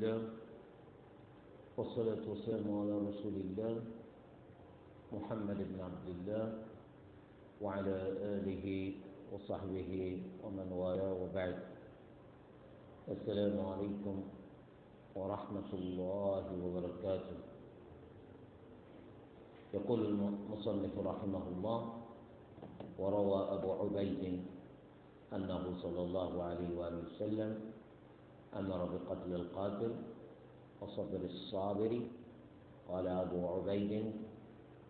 لله والصلاة والسلام على رسول الله محمد بن عبد الله وعلى آله وصحبه ومن والاه وبعد السلام عليكم ورحمة الله وبركاته يقول المصنف رحمه الله وروى أبو عبيد أنه صلى الله عليه وآله وسلم أمر بقتل القاتل وصبر الصابر قال أبو عبيد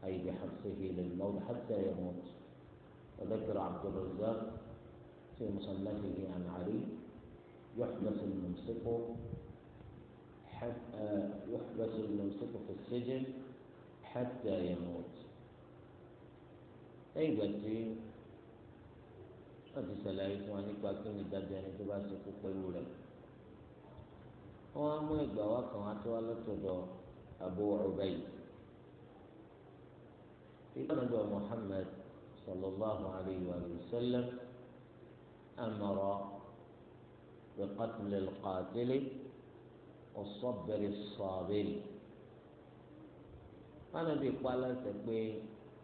أي بحبسه للموت حتى يموت وذكر عبد الرزاق في مصنفه عن علي يحبس الممسك يحبس الممسك في السجن حتى يموت أي ti ṣàlàyé fún wa nípa kí ni wọn á mú ìgbà wá kan wá tó wá lọ́tọ̀dọ̀ Abu Ubayd ìgbàlódé Muhammad sallallahu alayhi wa sallam amara biqatl al-qatil was-sabr as-sabir wọn àbí ìpalẹ ṣe pé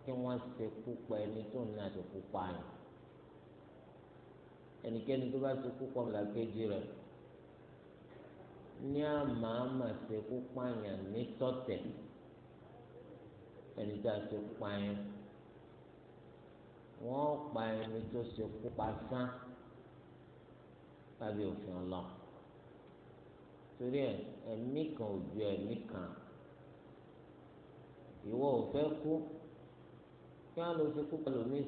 kí wọn ṣe kú ẹni tó ní àti kú pa ẹni tó bá ṣe kú ọmọlàkejì rẹ̀ ní àmàmà ṣe kó pààyàn ní sọ̀tẹ̀ ẹni tá a ṣe pààyàn wọ́n pa ẹni tó ṣe kó pa sán lábẹ́ òfin ọlọ́run torí ẹ ẹ̀mí kan ò ju ẹ̀mí kan ìwọ ò fẹ́ kú kí wọ́n lọ ṣe kú pẹ̀lú mi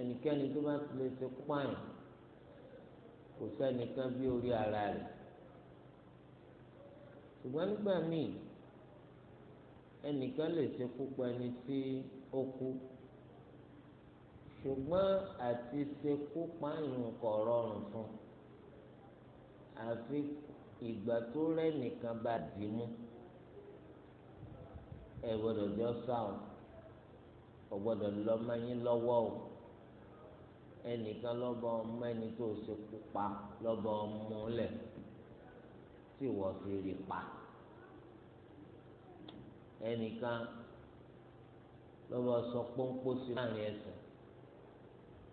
ẹnikẹ́ni tó bá ti lè ṣe kú pààyàn kò sẹ́nìkan bí orí ara rẹ̀ ṣùgbọ́n nígbà míì ẹnìkan lè ṣekú pa ẹni tí ó kú ṣùgbọ́n àti ṣekú pààyàn kò rọrùn fún àfi ìgbà tó rẹ́nìkan bá dì í mú ẹ gbọ́dọ̀ jọ sáà o ò gbọ́dọ̀ lọ́mọ yín lọ́wọ́ o ẹnìkan lọ́bọ̀ ọmọ ẹni tó ṣe kú pa lọ́bọ̀ ọmọ lẹ̀ tí wọ́n fi rí pa ẹnìkan lọ́bọ̀ sọ pọ́npọ́ sí láàrin ẹsẹ̀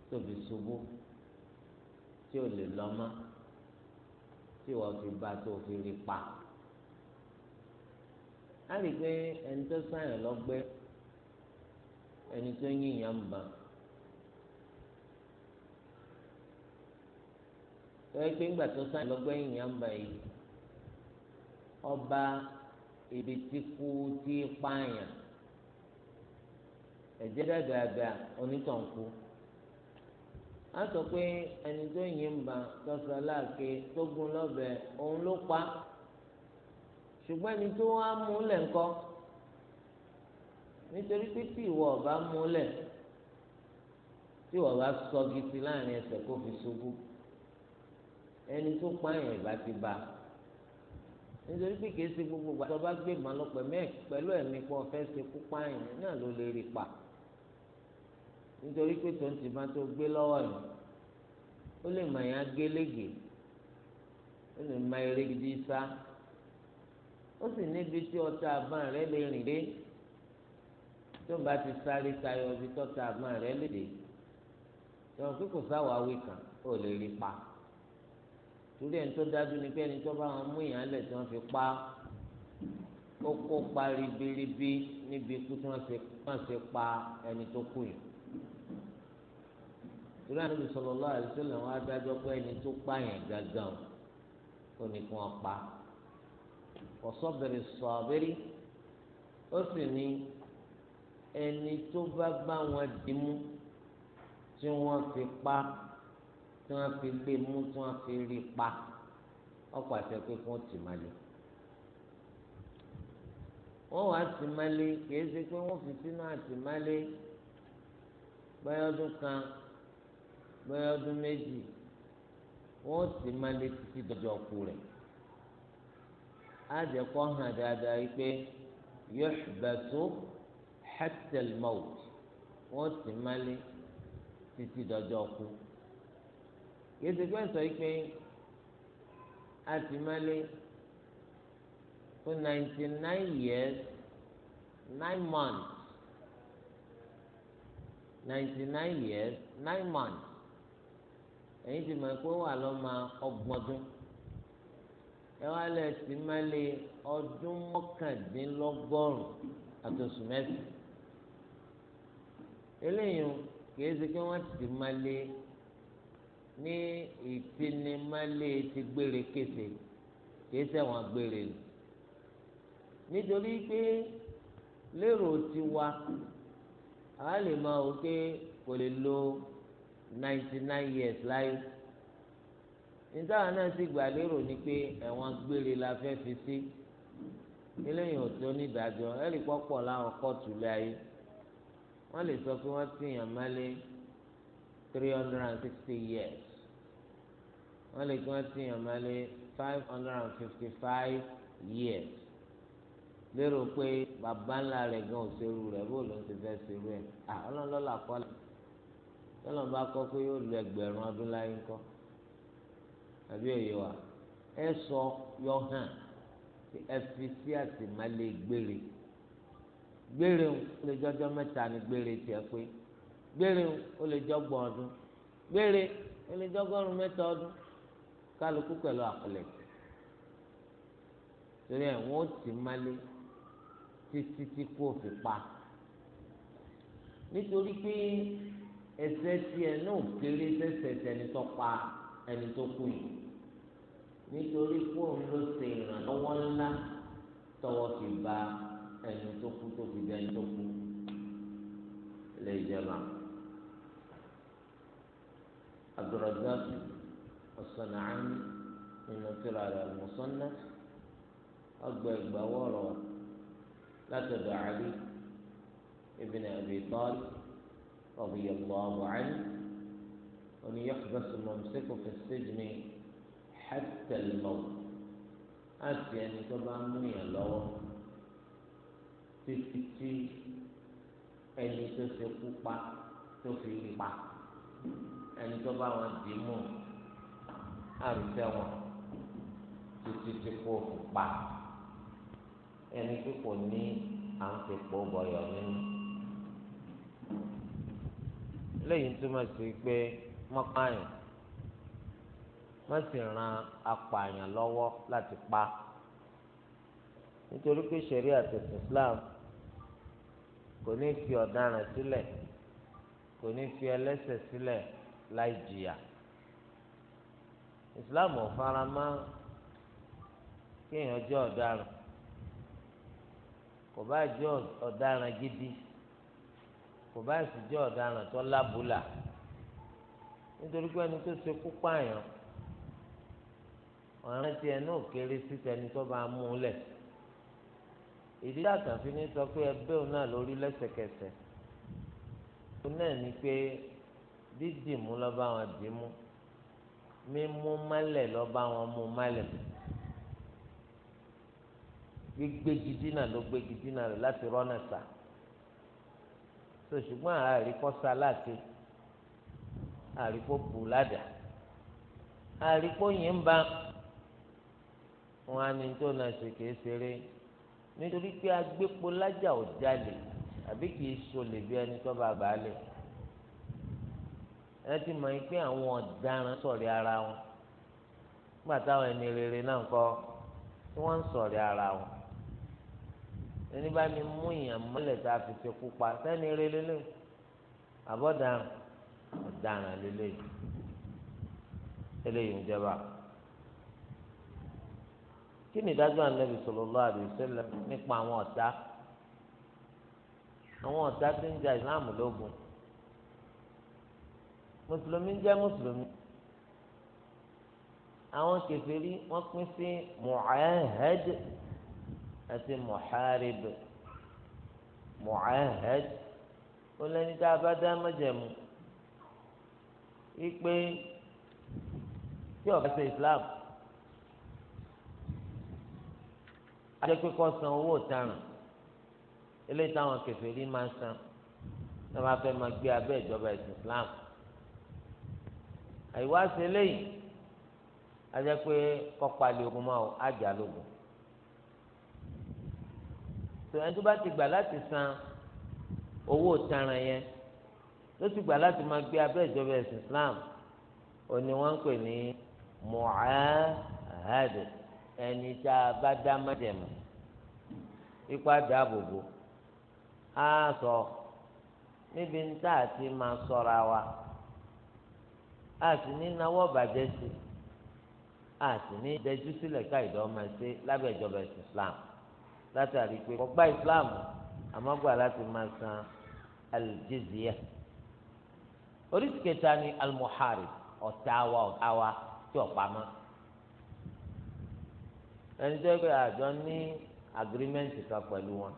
tóbi ṣubú tí ò lè lọ́mọ́ tí wọ́n fi bá tó fi rí pa á rí i pé ẹni tó sáyẹn lọ́gbẹ́ ẹni tó yíyan bá a. tọ́yẹ́ pé ńgbà tó sáyẹn lọ́gbẹ́yìn yá ń bá yìí ọba ibi tí kú tí pààyàn ẹ̀jẹ̀ dàgàdà onítọ̀nkú a sọ pé ẹni tó yìn ń bá tọ́sọ láàké tó gún lọ́bẹ òun ló pa ṣùgbọ́n ẹni tó wá múlẹ̀ ńkọ́ nítorí pé tí ìwọ ọba múlẹ̀ tí ìwọ ọba sọgi sí láàrin ẹsẹ̀ kó fi ṣubú ẹni tó pààyàn ìbá ti bá nítorí pé kìí ṣe gbogbo gbà tó bá gbé ìmọ̀ lọ́pẹ̀ mẹ́ẹ̀ pẹ̀lú ẹ̀mí pọ̀ fẹ́ ṣe kú pààyàn náà ló lè rí pa nítorí pé tó ń ti máa tó gbé lọ́wọ́ yìí ó lè mọ ẹ̀yàn gélégè ó lè mọ eré sá ó sì níbi tí ọta àbọ̀n rẹ lè rìn dé tó bá ti sáré tayọ ibi tọ́ta àbọ̀n rẹ lè dé ìwọ̀n pé sáwàá wí kan ó lè rí pa torí ẹni tó dájú ni pé ẹni tó bá wọn mú ìyànlẹ̀ tí wọ́n fi pa ó kópa ribiribi níbi ikú tí wọ́n ṣe pa ẹni tó kú yìí torí Ànábì sallallahu alaihi wasallam wọn adájọ́ pé ẹni tó pààyàn gángan ó ní kí wọ́n pa ọ̀sọ́bẹ̀rẹ̀ sọ abẹ́rẹ́ ó sì ní ẹni tó bá bá wọn dìímú tí wọ́n fi pa tí wọ́n fi gbé mú tí wọ́n fi rí pa ọkọ̀ àṣẹ pé kí wọ́n tì má lé wọ́n wá tì má lé kìí ṣe pé wọ́n fi sínú àtìmálé bẹ́ẹ̀ ọdún kan bẹ́ẹ̀ ọdún méjì wọ́n tì má lé títí dọjọ́ ku rẹ̀ á jẹ́ kó hàn dáadáa yìí pé yuhbasu hatta al-mawt wọ́n tì má lé títí dọjọ́ ku rẹ̀ kìí ṣe pé ń sọ yìí pé àtìmọ́lé fún ninety nine years nine months ninety nine years nine months ẹ̀yin ti mọ̀ pé wà lọ́mọ ọgbọ̀n ọdún ẹ wá lẹ̀ sí mẹ́lẹ̀ ọdún mọ́kàndínlọ́gọ́rùn àtòsù mẹ́sì eléyìí kìí ṣe pé wọ́n ti mẹ́lẹ̀ ní ìtinimálé ti gbére kése kìí sẹ́wọ̀n gbére lò nítorí pé lérò tiwa a lè máa wò pé kò lè lo ninety nine years láyé nítawọn náà sì gbà lérò ni pé ẹ̀wọ̀n gbére la fẹ́ fi sí eléyìí ò tó nídàájọ́ ẹ̀rí pọ́pọ̀ láwọn kóòtù láyé wọ́n lè sọ pé wọ́n ti yàn mọ́lé three hundred and sixty years wọ́n lè gbọ́n sí yàn máa lé five hundred and fifty five years lérò pé bàbá ńlá rẹ̀ gan òṣèlú rẹ̀ bó ló ń ti fẹ́ ṣerú ẹ̀ à ọlọ́run lọ́la kọ́ la tọ́lọ́n bá kọ́ pé yóò lu ẹgbẹ̀rún ọdún láyé ńkọ́ àbí òye wa ẹ sọ yọ hàn ẹ fi sí àtìmálé gbére gbére ń ó lè jọjọ mẹ́ta ní gbére tiẹ̀ pé gbére ń ó lè jọgbọ̀n ọdún gbére ó lè jọgọ́rùn mẹ́ta ọdún kálukú pẹ̀lú àpilẹ̀ torí ẹ̀ wọ́n ti málé títí tí kò fi pa nítorí pé ẹsẹ̀ tiẹ̀ náà kéré sẹ́sẹ̀ tẹni tó pa ẹni tó kù yìí nítorí fóònù ló ṣe ìrànlọ́wọ́ ńlá tọwọ́ fi ba ẹni tó kú tó fi bẹ́ẹ̀ tó kú lè jẹba Abdulrazak. الصنعاني من ترى على المصنف أكبر بورا لا تدع علي ابن أبي طالب رضي الله عنه أن يحبس الممسك في السجن حتى الموت أتي يعني طبعا من الله títí أن tó ṣe kú pa tó fi pa àrùsẹ wọn títí tí kò fi pa ẹni tí kò ní à ń fi pò bọyọ nínú lẹ́yìn túmọ̀ sí pé mọ́páyàn wọ́n sì ran apààyàn lọ́wọ́ láti pa nítorí pé ṣẹ̀rí àtẹ̀sìn Islam kò ní fi ọ̀daràn sílẹ̀ kò ní fi ẹlẹ́sẹ̀ sílẹ̀ láì jìyà. islam ò fara mọ́ kéèyàn jẹ́ ọ̀daràn kò bá jẹ́ ọ̀daràn gidi kò bá sì jẹ́ ọ̀daràn tó lábùlà nítorí pé ẹni tó ṣe kú pààyàn ọ̀ràn tiẹ̀ náà kéré sí tẹni tó bá mú un lẹ̀ ìdí àtàn fi ní sọ pé ẹgbẹ́ òun náà lórí lẹ́sẹ̀kẹsẹ̀ òun náà ni pé dídìmú lọ́ bá wọn dìímú mímú mọ́lẹ̀ lọ bá wọn mú mọ́lẹ̀ gbégbégi dínà ló gbégi dínà rẹ̀ láti rọ́nà sá so ṣùgbọ́n àárí kọ́ sa láti àárí kó bù ládàá àárí kó yìí ń ba wọn á ní tó náà ṣe kìí ṣeré nítorí pé agbépo lájà ò jalè àbí kìí ṣolè bí ẹni tó bá bàálẹ̀ ẹ ti mọ̀ pé àwọn ọ̀daràn sọ̀rí ara wọn nígbà táwọn ẹni rere náà kọ́ tí wọ́n ń sọ̀rí ara wọn ẹni bá mi mú ìyàn mọ́lẹ̀ tá a fi ṣe kú pa sẹ́ni rere lè àbọ̀daràn ọ̀daràn lélẹ́yìn eléyìí ń jẹba kí ni ìdájọ́ ànábì sallallahu alaihi wasallam nípa àwọn ọ̀tá àwọn ọ̀tá tí ń ja ìsìláàmù lógun mùsùlùmí jẹ́ mùsùlùmí àwọn kèfèrí wọ́n pín sí mu'ahad àti muharib mu'ahad ó lẹ́ni tá a bá dá májẹ̀mú wípé tí ó bá ṣe islam ajẹ́ pé kó san owó ìtanràn eléyìí táwọn kèfèrí máa san tí wọ́n bá fẹ́ máa gbé abẹ́ ìjọba ẹ̀sìn islam àyíwá ṣe léyìí ajẹ́ pé kọ́pàlì ogun máa àjà lógun tó ẹni tó bá ti gbà láti san owó ìtanràn yẹn tó ti gbà láti máa gbé abẹ́ ìjọba ẹ̀sìn Islam òní wọ́n ń pè ní mu'ahad ẹni tá a bá dá májẹ̀mú ipa dáàbòbò á sọ níbi ń tà àti máa sọra wa a sì ní náwó bàjẹ́ sí a sì ní dẹjú sílẹ̀ káìdọ́ ọmọ ẹsẹ̀ lábẹ́ ìjọba ẹ̀sìn Islam látàrí pé kò gba Islam àmọ́ gbà láti máa san al-jizya oríṣi kẹta ni al-muharib ọ̀tá wa ọ̀tá wa tí ọ̀pá mọ́ ẹni tó yẹ kó àjọ ní agirimẹ́ǹtì kan pẹ̀lú wọn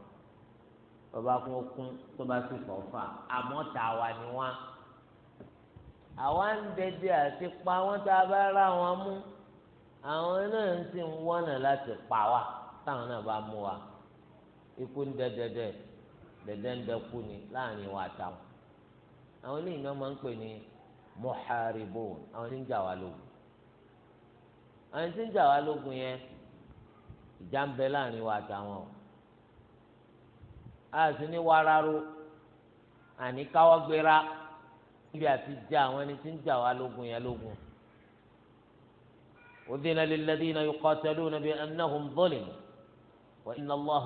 tó bá kún ó tó bá sì fọ́ fà àmọ́ tá a wa ni wọ́n àwa ń dẹdẹ àti pa wọn tá a bá rà wọn mú àwọn náà ń sì ń wọ́nà láti pa wá táwọn náà bá mú wa ikú ń dẹdẹdẹ dẹdẹ ń dẹkú ni láàrin wa táwọn àwọn eléyìí náà máa ń pè ní muharibun àwọn tí ń jà wá lógun àwọn tí ń jà wá lógun yẹn ìjà ń bẹ láàrin wa táwọn o a sì ní wàrà ro àní káwọ́ gbéra níbi àti já àwọn ẹni tí ń jà wá lógun yẹn lógun. أذن للذين يقاتلون بأنهم ظلموا وإن الله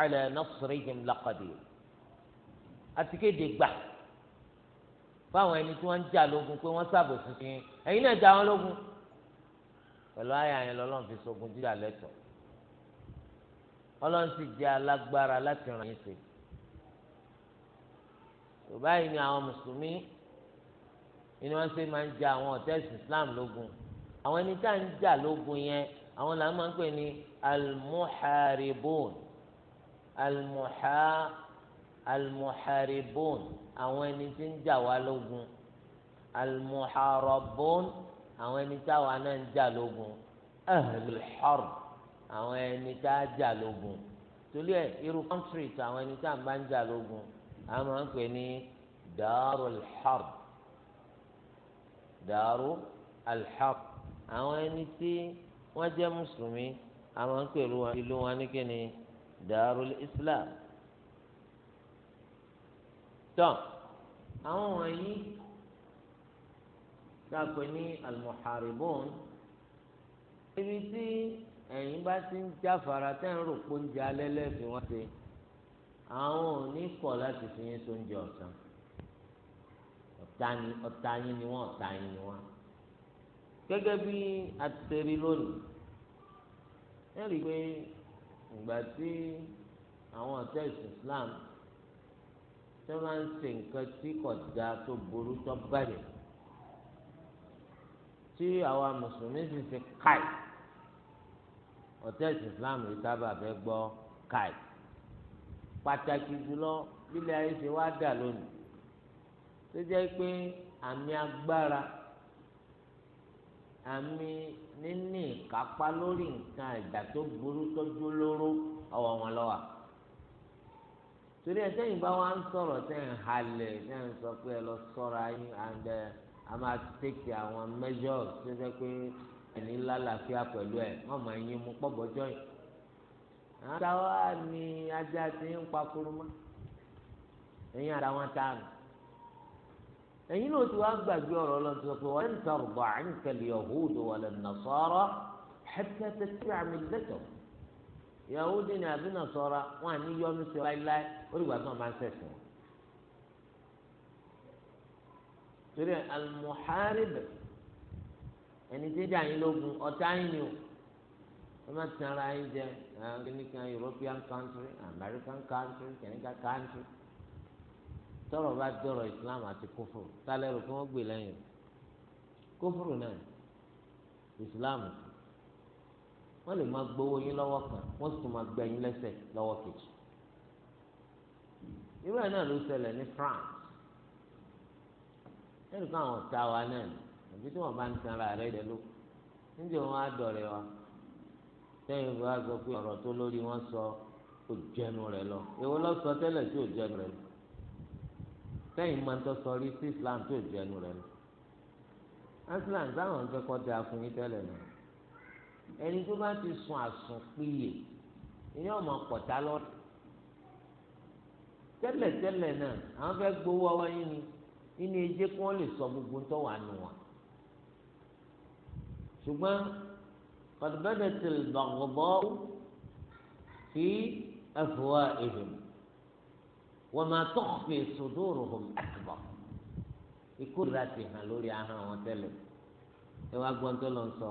على نصرهم لقدير أتكيد يقبع فهو أن يتوان جالوكم كون وصابوا سنين أين جالوكم pẹ̀lú àyà yẹn lọ́lọ́run fi sogun jíjà lẹ́tọ̀ ọlọ́run sì jẹ́ alágbára láti ràn yín sí. tó báyìí ni àwọn mùsùlùmí ni wọ́n ṣe máa ń ja àwọn ọ̀tẹ́sì islam lógun àwọn ẹni tá à ń jà lógun yẹn àwọn là ń máa ń pè ní almuharibun almuha almuharibun àwọn ẹni tí ń jà wá lógun almuharabun àwọn ẹni táwa náà ń jà lógun ahlul harb àwọn ẹni tá a jà lógun torí ẹ irú kọ́ńtírì tí àwọn ẹni tá a bá ń jà lógun àwọn máa ń pè ní darul harb dàrú alḥaq àwọn ẹni tí wọ́n jẹ́ mùsùlùmí àwọn ń pèlú ìlú wọn ní kíni dàrú islam tán àwọn wọ̀nyí dàpẹ ní almuharibun ibi tí ẹ̀yin bá ti ń jáfara tẹ́ ń rò pé oúnjẹ alẹ́ wọn ṣe àwọn ò ní kọ̀ láti fi yín sóúnjẹ ọ̀sán. Tani ni ọ̀tá yín ni wọ́n ọ̀tá yín ni wọ́n. gẹ́gẹ́ bí a ti lónìí ẹ rí i pé ìgbà tí àwọn ọ̀tá Islam tí wọ́n máa ń ṣe nǹkan tí kò dáa tó burú tó bàjẹ́ tí àwa mùsùlùmí sì ṣe káì ọ̀tá Islam rí sábà fẹ́ gbọ́ káì pàtàkì jùlọ lílẹ̀ ayé ṣe wá dà lónìí tó jẹ́ pé àmì agbára àmì níní ìkápá lórí nǹkan ìgbà tó burú tọ́jú lóró ọwọ́ wọn lọ́wọ́ torí ẹ sẹ́yìn bá wọn sọ̀rọ̀ sẹ́yìn halẹ̀ sẹ́yìn sọ pé ẹ lọ sọ́ra yín and eh, a máa tẹ̀kì àwọn measures tó pé ẹni lálàáfíà pẹ̀lú ẹ̀ wọ́n máa yín mú pọ̀ bọ́jọ́ yìí. àtàwọn ni ajá ti ń pa kúrú mọ́ ẹ̀yìn àtàwọn táàmù ẹ̀yin náà ti wá gbàgbé ọ̀rọ̀ ọlọ́run ti sọ pé wọ́n ń ta ọ̀gbà ànkẹ́lì yahudu wala nasara hatta tattabi'a millatahum yahudu ni àbí nasara wọn àní yọnu sí ọ láíláí ó dìgbà tí wọn máa ń sẹ̀sìn wọn. torí al-muharib ẹni tí dà yín lógun ọ̀tá yín ni o wọ́n máa tẹ̀ ara yín jẹ ẹ̀ẹ́dẹ́gbẹ̀kan European country American country kẹ̀níkà country tọrọ bá dọ̀rọ̀ islam àti kófòrò tálẹ́rù kí wọ́n gbé lẹ́yìn kófòrò náà islam wọ́n lè máa gbowó yín lọ́wọ́ kan wọ́n sì tún máa gbẹ yín lẹ́sẹ̀ lọ́wọ́ kejì irú ẹ̀ náà ló ṣẹlẹ̀ ní France ẹnì kan àwọn ọ̀tá wa náà àbí tí wọ́n bá ń tan ara rẹ̀ rẹ̀ ló níjẹ́ wọn á dọ̀rẹ́ wa sẹ́yìn bá sọ pé ọ̀rọ̀ tó lórí wọn sọ kò jẹnu rẹ̀ lọ èwo lọ sọ tẹ́lẹ̀ tí ò jẹnu rẹ̀ lọ sẹ́yìn máa ń tọ́ sọrí sí islam tó ju ẹnu rẹ̀ lọ aslam táwọn ń fẹ́ kọ́ da fún yín tẹ́lẹ̀ náà ẹni tó bá ti sun àsùn péye ìyẹn ọmọ pọ̀tá lọ́dọ̀ tẹ́lẹ̀ tẹ́lẹ̀ náà àwọn fẹ́ gbowó ọwọ́ yín ni nínú ẹjẹ́ kí wọ́n lè sọ gbogbo tó wà nù wọn ṣùgbọ́n qad badatil baghdha'u fi afwa'ihim wa ma tukhfi suduruhum akbar ìkórìíra ti hàn lórí ahọ́n wọn tẹ́lẹ̀ ẹ wá gbọ́n tó lọ sọ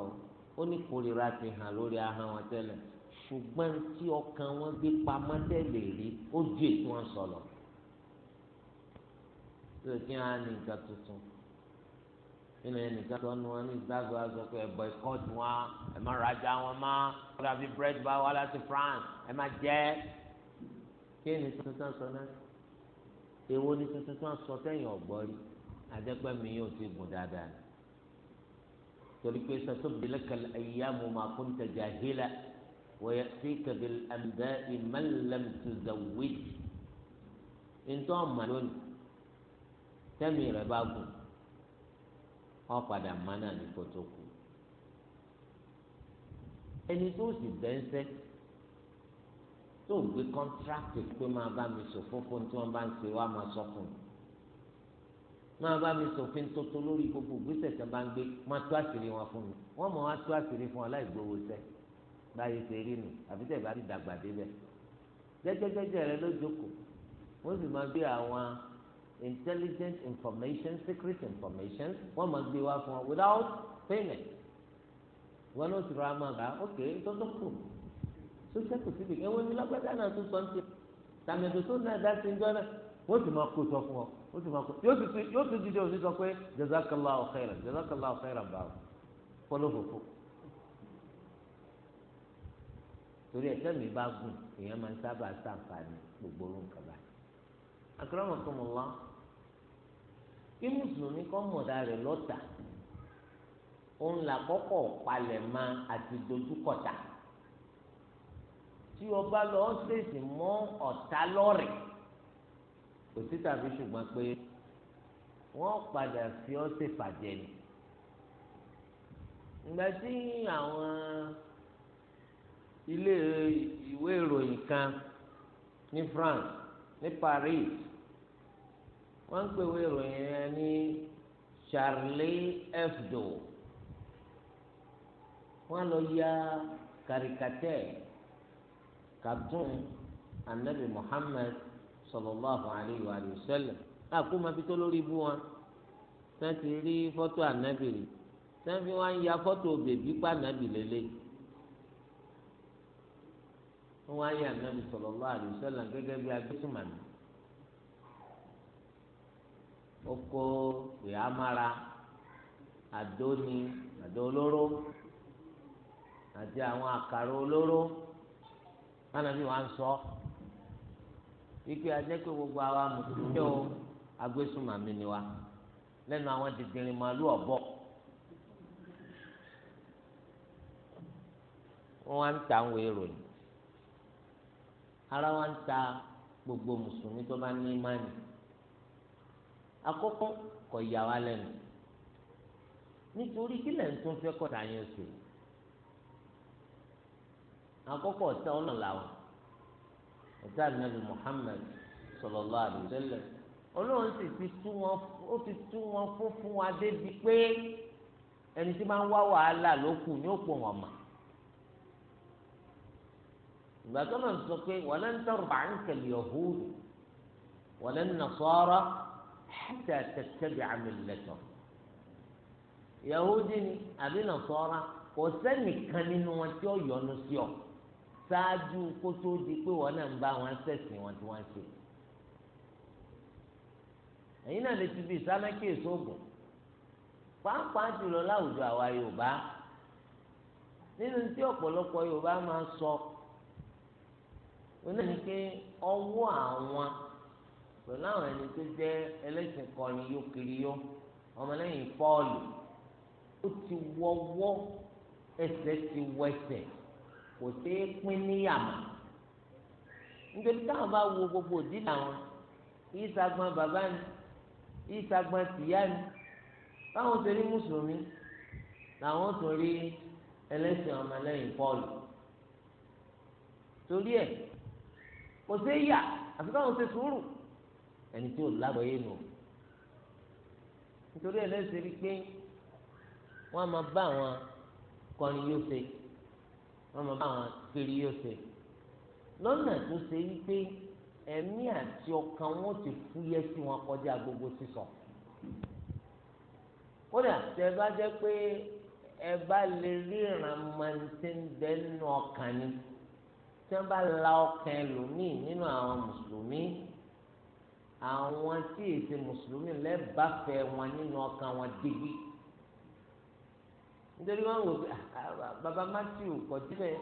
ó ní ìkórìíra ti hàn lórí ahọ́n wọn tẹ́lẹ̀ ṣùgbọ́n tí ọkàn wọn gbé pamọ́ tẹ́lẹ̀ rí ó ju ètò wọn sọ̀rọ̀ tó kí wọn á ní nǹkan tuntun nínú yẹn nìkan tó nu wọn ní ìdájọ aṣọ pé ẹbọ ẹkọ tí wọn ẹ má rajà wọn má kódà bí búrẹ́dì bá wá láti France ẹ má jẹ kí ni tuntun sọ náà èwo ni tuntun tí wọ́n sọ sẹ́yìn ọ̀gbọ́n rí àdẹ́pẹ́ mi yóò ti gùn dáadáa torí pé sọ́tún bìlẹ̀ kẹlẹ̀ ẹ̀yà mo máa kún tẹ̀jà hílà wọ́yẹ sí kẹ̀bìl ẹ̀ǹdẹ́ ìmẹ́lẹ̀m tó zẹ̀wé ntọ́ ọ̀mà lónìí tẹ́mi rẹ̀ bá gùn ọ̀ padà mánà ní kótó kù ẹni tó sì bẹ́ńsẹ́ tó ń gbé kọ́ńtrákì pé máa bá mi sòfin fún tí wọ́n bá ń ṣe wá máa sọ fún mi máa bá mi sòfin tuntun lórí gbogbo ìgbésẹ̀ tí wọ́n bá ń gbé máa tó àṣírí wọn fún mi wọ́n mọ̀ wá tó àṣírí fún wọn láì gbowó sẹ́ báyìí ṣe rí nù àfi tẹ̀ bá ti dàgbà débẹ̀ jẹ́jẹ́jẹ́jẹ́ rẹ ló jókòó wọ́n sì máa gbé àwọn intelligent information secret information wọ́n máa gbé wá fún wọn without payment wọ́n ló ti rọra máa gbà ok tó tó kù tó sẹ́kù síbi ẹ̀wọ́n ní lágbádá náà tó sọ ń tẹ tàmẹ̀dọ̀ tó náà dá sí ń jọ́ náà wọ́n sì máa kó sọ fún ọ wọ́n sì máa kó yóò tún dídé òní sọ pé jazakallahu khairan jazakallahu khairan báwo fọlọ́fọ̀fọ̀ torí ẹ̀sẹ̀ mi bá gùn èèyàn máa ń sábà sàǹfààní gbogbo orun kaba akramakumullah kí mùsùlùmí kọ́ mọ̀dá rẹ̀ lọ́tà òun là palẹ̀ máa àti dojúkọ̀tà tí ọba lọ ọ́ ṣèṣì mọ́ ọ̀tá lọ́rẹ̀ kò sí tàbí ṣùgbọ́n pé wọ́n padà fi ọ́ ṣèpàjẹ́ ni ìgbà tí àwọn ilé ìwé ìròyìn kan ní France ní Paris wọ́n ń pè ìwé ìròyìn yẹn ní Charlie Hebdo wọ́n lọ ya karikatẹ́ẹ̀ kàtún anabi muhammed sallallahu alayhi wa sallam àkó máa fi tó lórí ibú wọn tẹ́ ti rí fọ́tò anabi rí tẹ́ fi wá ń ya fọ́tò bèbí pa anabi lélẹ̀ wọ́n wá yẹ anabi sallallahu alayhi wa sallam gẹ́gẹ́ bí agbésùmọ̀mí oko ìhámára àdóni àdó olóró àti àwọn àkàrà olóró kánábì wa ń sọ wípé ajẹ́ pé gbogbo àwa mùsùlùmí o agbésùnmàmí ni wa lẹ́nu àwọn dìndìnrín màálù ọ̀bọ. wọ́n wá ń ta àwọn èrò yìí ara wa ta gbogbo mùsùlùmí tó bá ní ìmánì àkọ́kọ́ kò yà wá lẹ́nu nítorí kílẹ̀ ń fẹ́ kọ́ta yẹn sèé àkọ́kọ́ ọ̀tá ọ̀nà làwọn ọ̀tá ànábì Muhammad sallallahu alaihi wasallam ọlọ́run sì fi tú wọn ó fi tú wọn fún fún wa débi pé ẹni tí máa ń wá wàhálà ló kù ní òpó wọn mà ìgbà tó náà sọ pé walan tarba anka al-yahud wala an-nasara hatta tattabi'a millatahum yahudi ni àbí nasara kò sẹ́nìkan nínú wọn tí ó yọ́nú sí ọ ṣáájú kó tó di pé wọn náà ń bá wọn ṣẹ̀sìn wọn tí wọ́n ṣe. ẹ̀yin náà lè ti fi ìsánákì èso ògùn pàápàá jùlọ láwùjọ àwa Yorùbá nínú tí ọ̀pọ̀lọpọ̀ Yorùbá máa ń sọ onáni pé ọwọ́ àwọn pẹ̀lú àwọn ẹni tó jẹ́ ẹlẹ́sìn kọrin yóò kiri yó ọmọlẹ́yìn Pọ́ọ̀lù ó ti wọ́wọ́ ẹsẹ̀ ti wẹsẹ̀ kò ṣeé pín níyàmà nítorí táwọn bá wo gbogbo òdìlà wọn ìsagbọn bàbá ni ìsagbọn tìyá ni báwọn ṣe rí mùsùlùmí làwọn tó rí ẹlẹ́sìn ọmọlẹ́yìn pọ́ọ̀lù torí ẹ̀ kò ṣeé yà àfi káwọn ṣe sùúrù ẹni tí ò lágbọ̀ọ́yé nù nítorí ẹlẹ́sìn rí pé wọ́n á máa bá àwọn kọrin yóò ṣe wọ́n máa bá àwọn kiri yóò ṣe lọ́nà tó ṣe wípé ẹ̀mí àti ọkàn wọn ti fúyẹ́ sí wọn kọjá gbogbo sísọ kódà tẹ bá jẹ́ pé ẹ bá lè ríran mọ̀ntínbẹ́ nínú ọkàn ni tí wọ́n bá la ọkàn ẹlòmíì nínú àwọn mùsùlùmí àwọn tí èsì mùsùlùmí lẹ́bàáfẹ́ wọn nínú ọkàn wọn digbí nítorí wọn wò pé baba ah, ah, matthew kọ síbẹ̀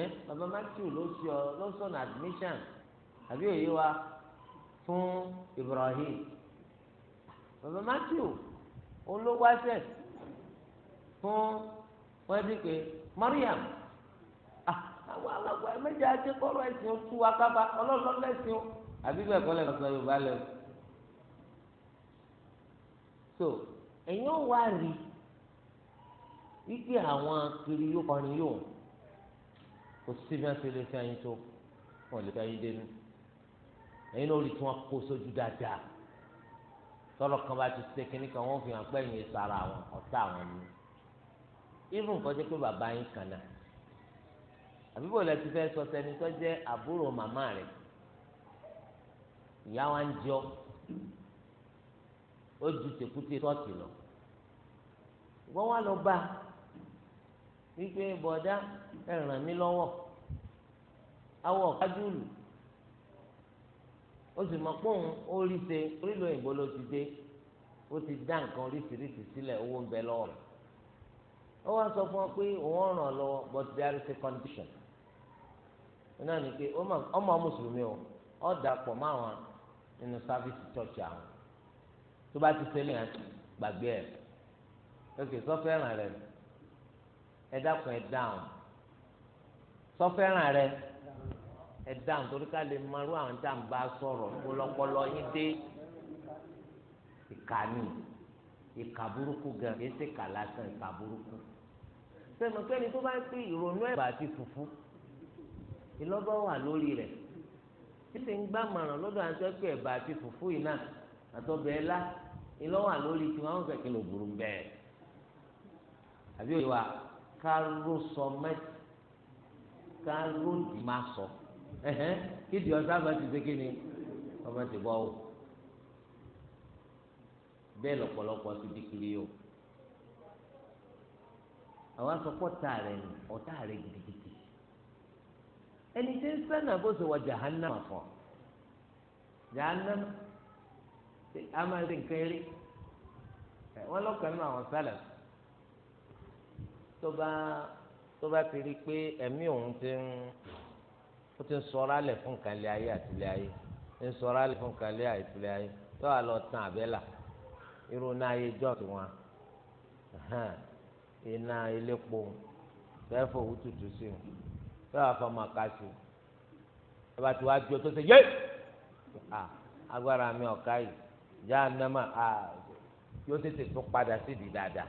ẹ baba matthew ló sọ ló sọ ní admission àbí òye wa fún ibrahim baba matthew olówó ẹsẹ fún wọn ti pé mariam ah, àwọn alágbó ẹ méjì ajé kọ́rọ̀ ẹ̀sìn ó tú wa kábà ọlọ́lọ́ lẹ́sìn ó àbí bẹ́ẹ̀ kọ́ lẹ́nu sọ yorùbá lẹ́nu so ẹ̀yin ó wá rí wípé àwọn kiri yóò kọni yóò kò síbi àti ilé fẹ́ yín tó wọn lè fẹ́ yín dénú ẹ̀yin náà ó lè tún wọn kó sójú dáadáa tọ́lọ̀ kan bá ti ṣe kínní kan wọ́n fi hàn pé ẹ̀yin sara àwọn ọ̀tá àwọn ni irú nǹkan jẹ́ pé bàbá yín kan náà àbíbò lẹ ti fẹ́ sọ sẹ́ni tó jẹ́ àbúrò màmá rẹ̀ ìyá wa ń jọ ó ju tèkúté tọ́ọ̀tì lọ wọ́n wá lọ bá a. wípé bọ̀dá ẹ ràn mí lọ́wọ́ awọ kájúlù ó sì mọ̀ pé òun ó rí ṣe orílẹ̀ òyìnbó ló ti dé ó ti dá nǹkan oríṣiríṣi sílẹ̀ owó ń bẹ lọ́wọ́ rẹ̀ ó wá sọ fún ọ pé òun ràn lọ́wọ́ but there is a condition náà pé ọmọ mùsùlùmí o ọ dàpọ̀ mọ́ àwọn nínú sáfíìsì chọ́ọ̀chì àwọn tó bá ti ṣẹlẹ̀ gbàgbé ẹ̀ ok sọ fẹ́ràn rẹ̀ ẹ dákun ẹ rẹ ẹ torí ká lè àwọn tá à ń bá sọ̀rọ̀ kólọ́kọ́lọ́ yín dé ìkànnì ìkà burúkú gan kì ṣe kà lásán ìkà burúkú tó bá ń pín ìrònú àti fùfú ìlọ́bọ̀ wà lórí rẹ̀ títí ń àti àti fùfú yìí náà lórí burú káró sọ mẹ́tì káró dì má sọ kídi ọ̀sán máa ti ṣe kí ni ọmọ ti bọ́ o bẹ́ẹ̀ lọ́pọ̀lọpọ̀ ti di kiri o àwọn asopọ̀ ta rẹ̀ ni ọ̀tá rẹ̀ gidigidi ẹni tí ń sẹ́nà bó ṣe wọ jahannama fún ọ jahannama a máa rí nǹkan eré lọ́kàn nínú àwọn sálẹ̀ fún tó bá tó bá ti rí i pé ẹ̀mí òun ti ń ó ti ń sọ̀rọ̀ alẹ̀ fún kàlẹ́ ayé àtìlẹ́ ayé ń sọ̀rọ̀ alẹ̀ fún kàlẹ́ ayé àtìlẹ́ ayé tó wà lọ tán àbẹ́là irú náà ayé jọ́ọ̀tì wọn iná elépo fẹ́ẹ́ fòwú tutù sí i tó wà fọ́ ọmọ ká sí i ẹ bá ti wá ju ọ tó ṣe yé agbára mi ọ̀ka yìí jáà nàmà yóò tètè tún padà sí ìdí dáadáa.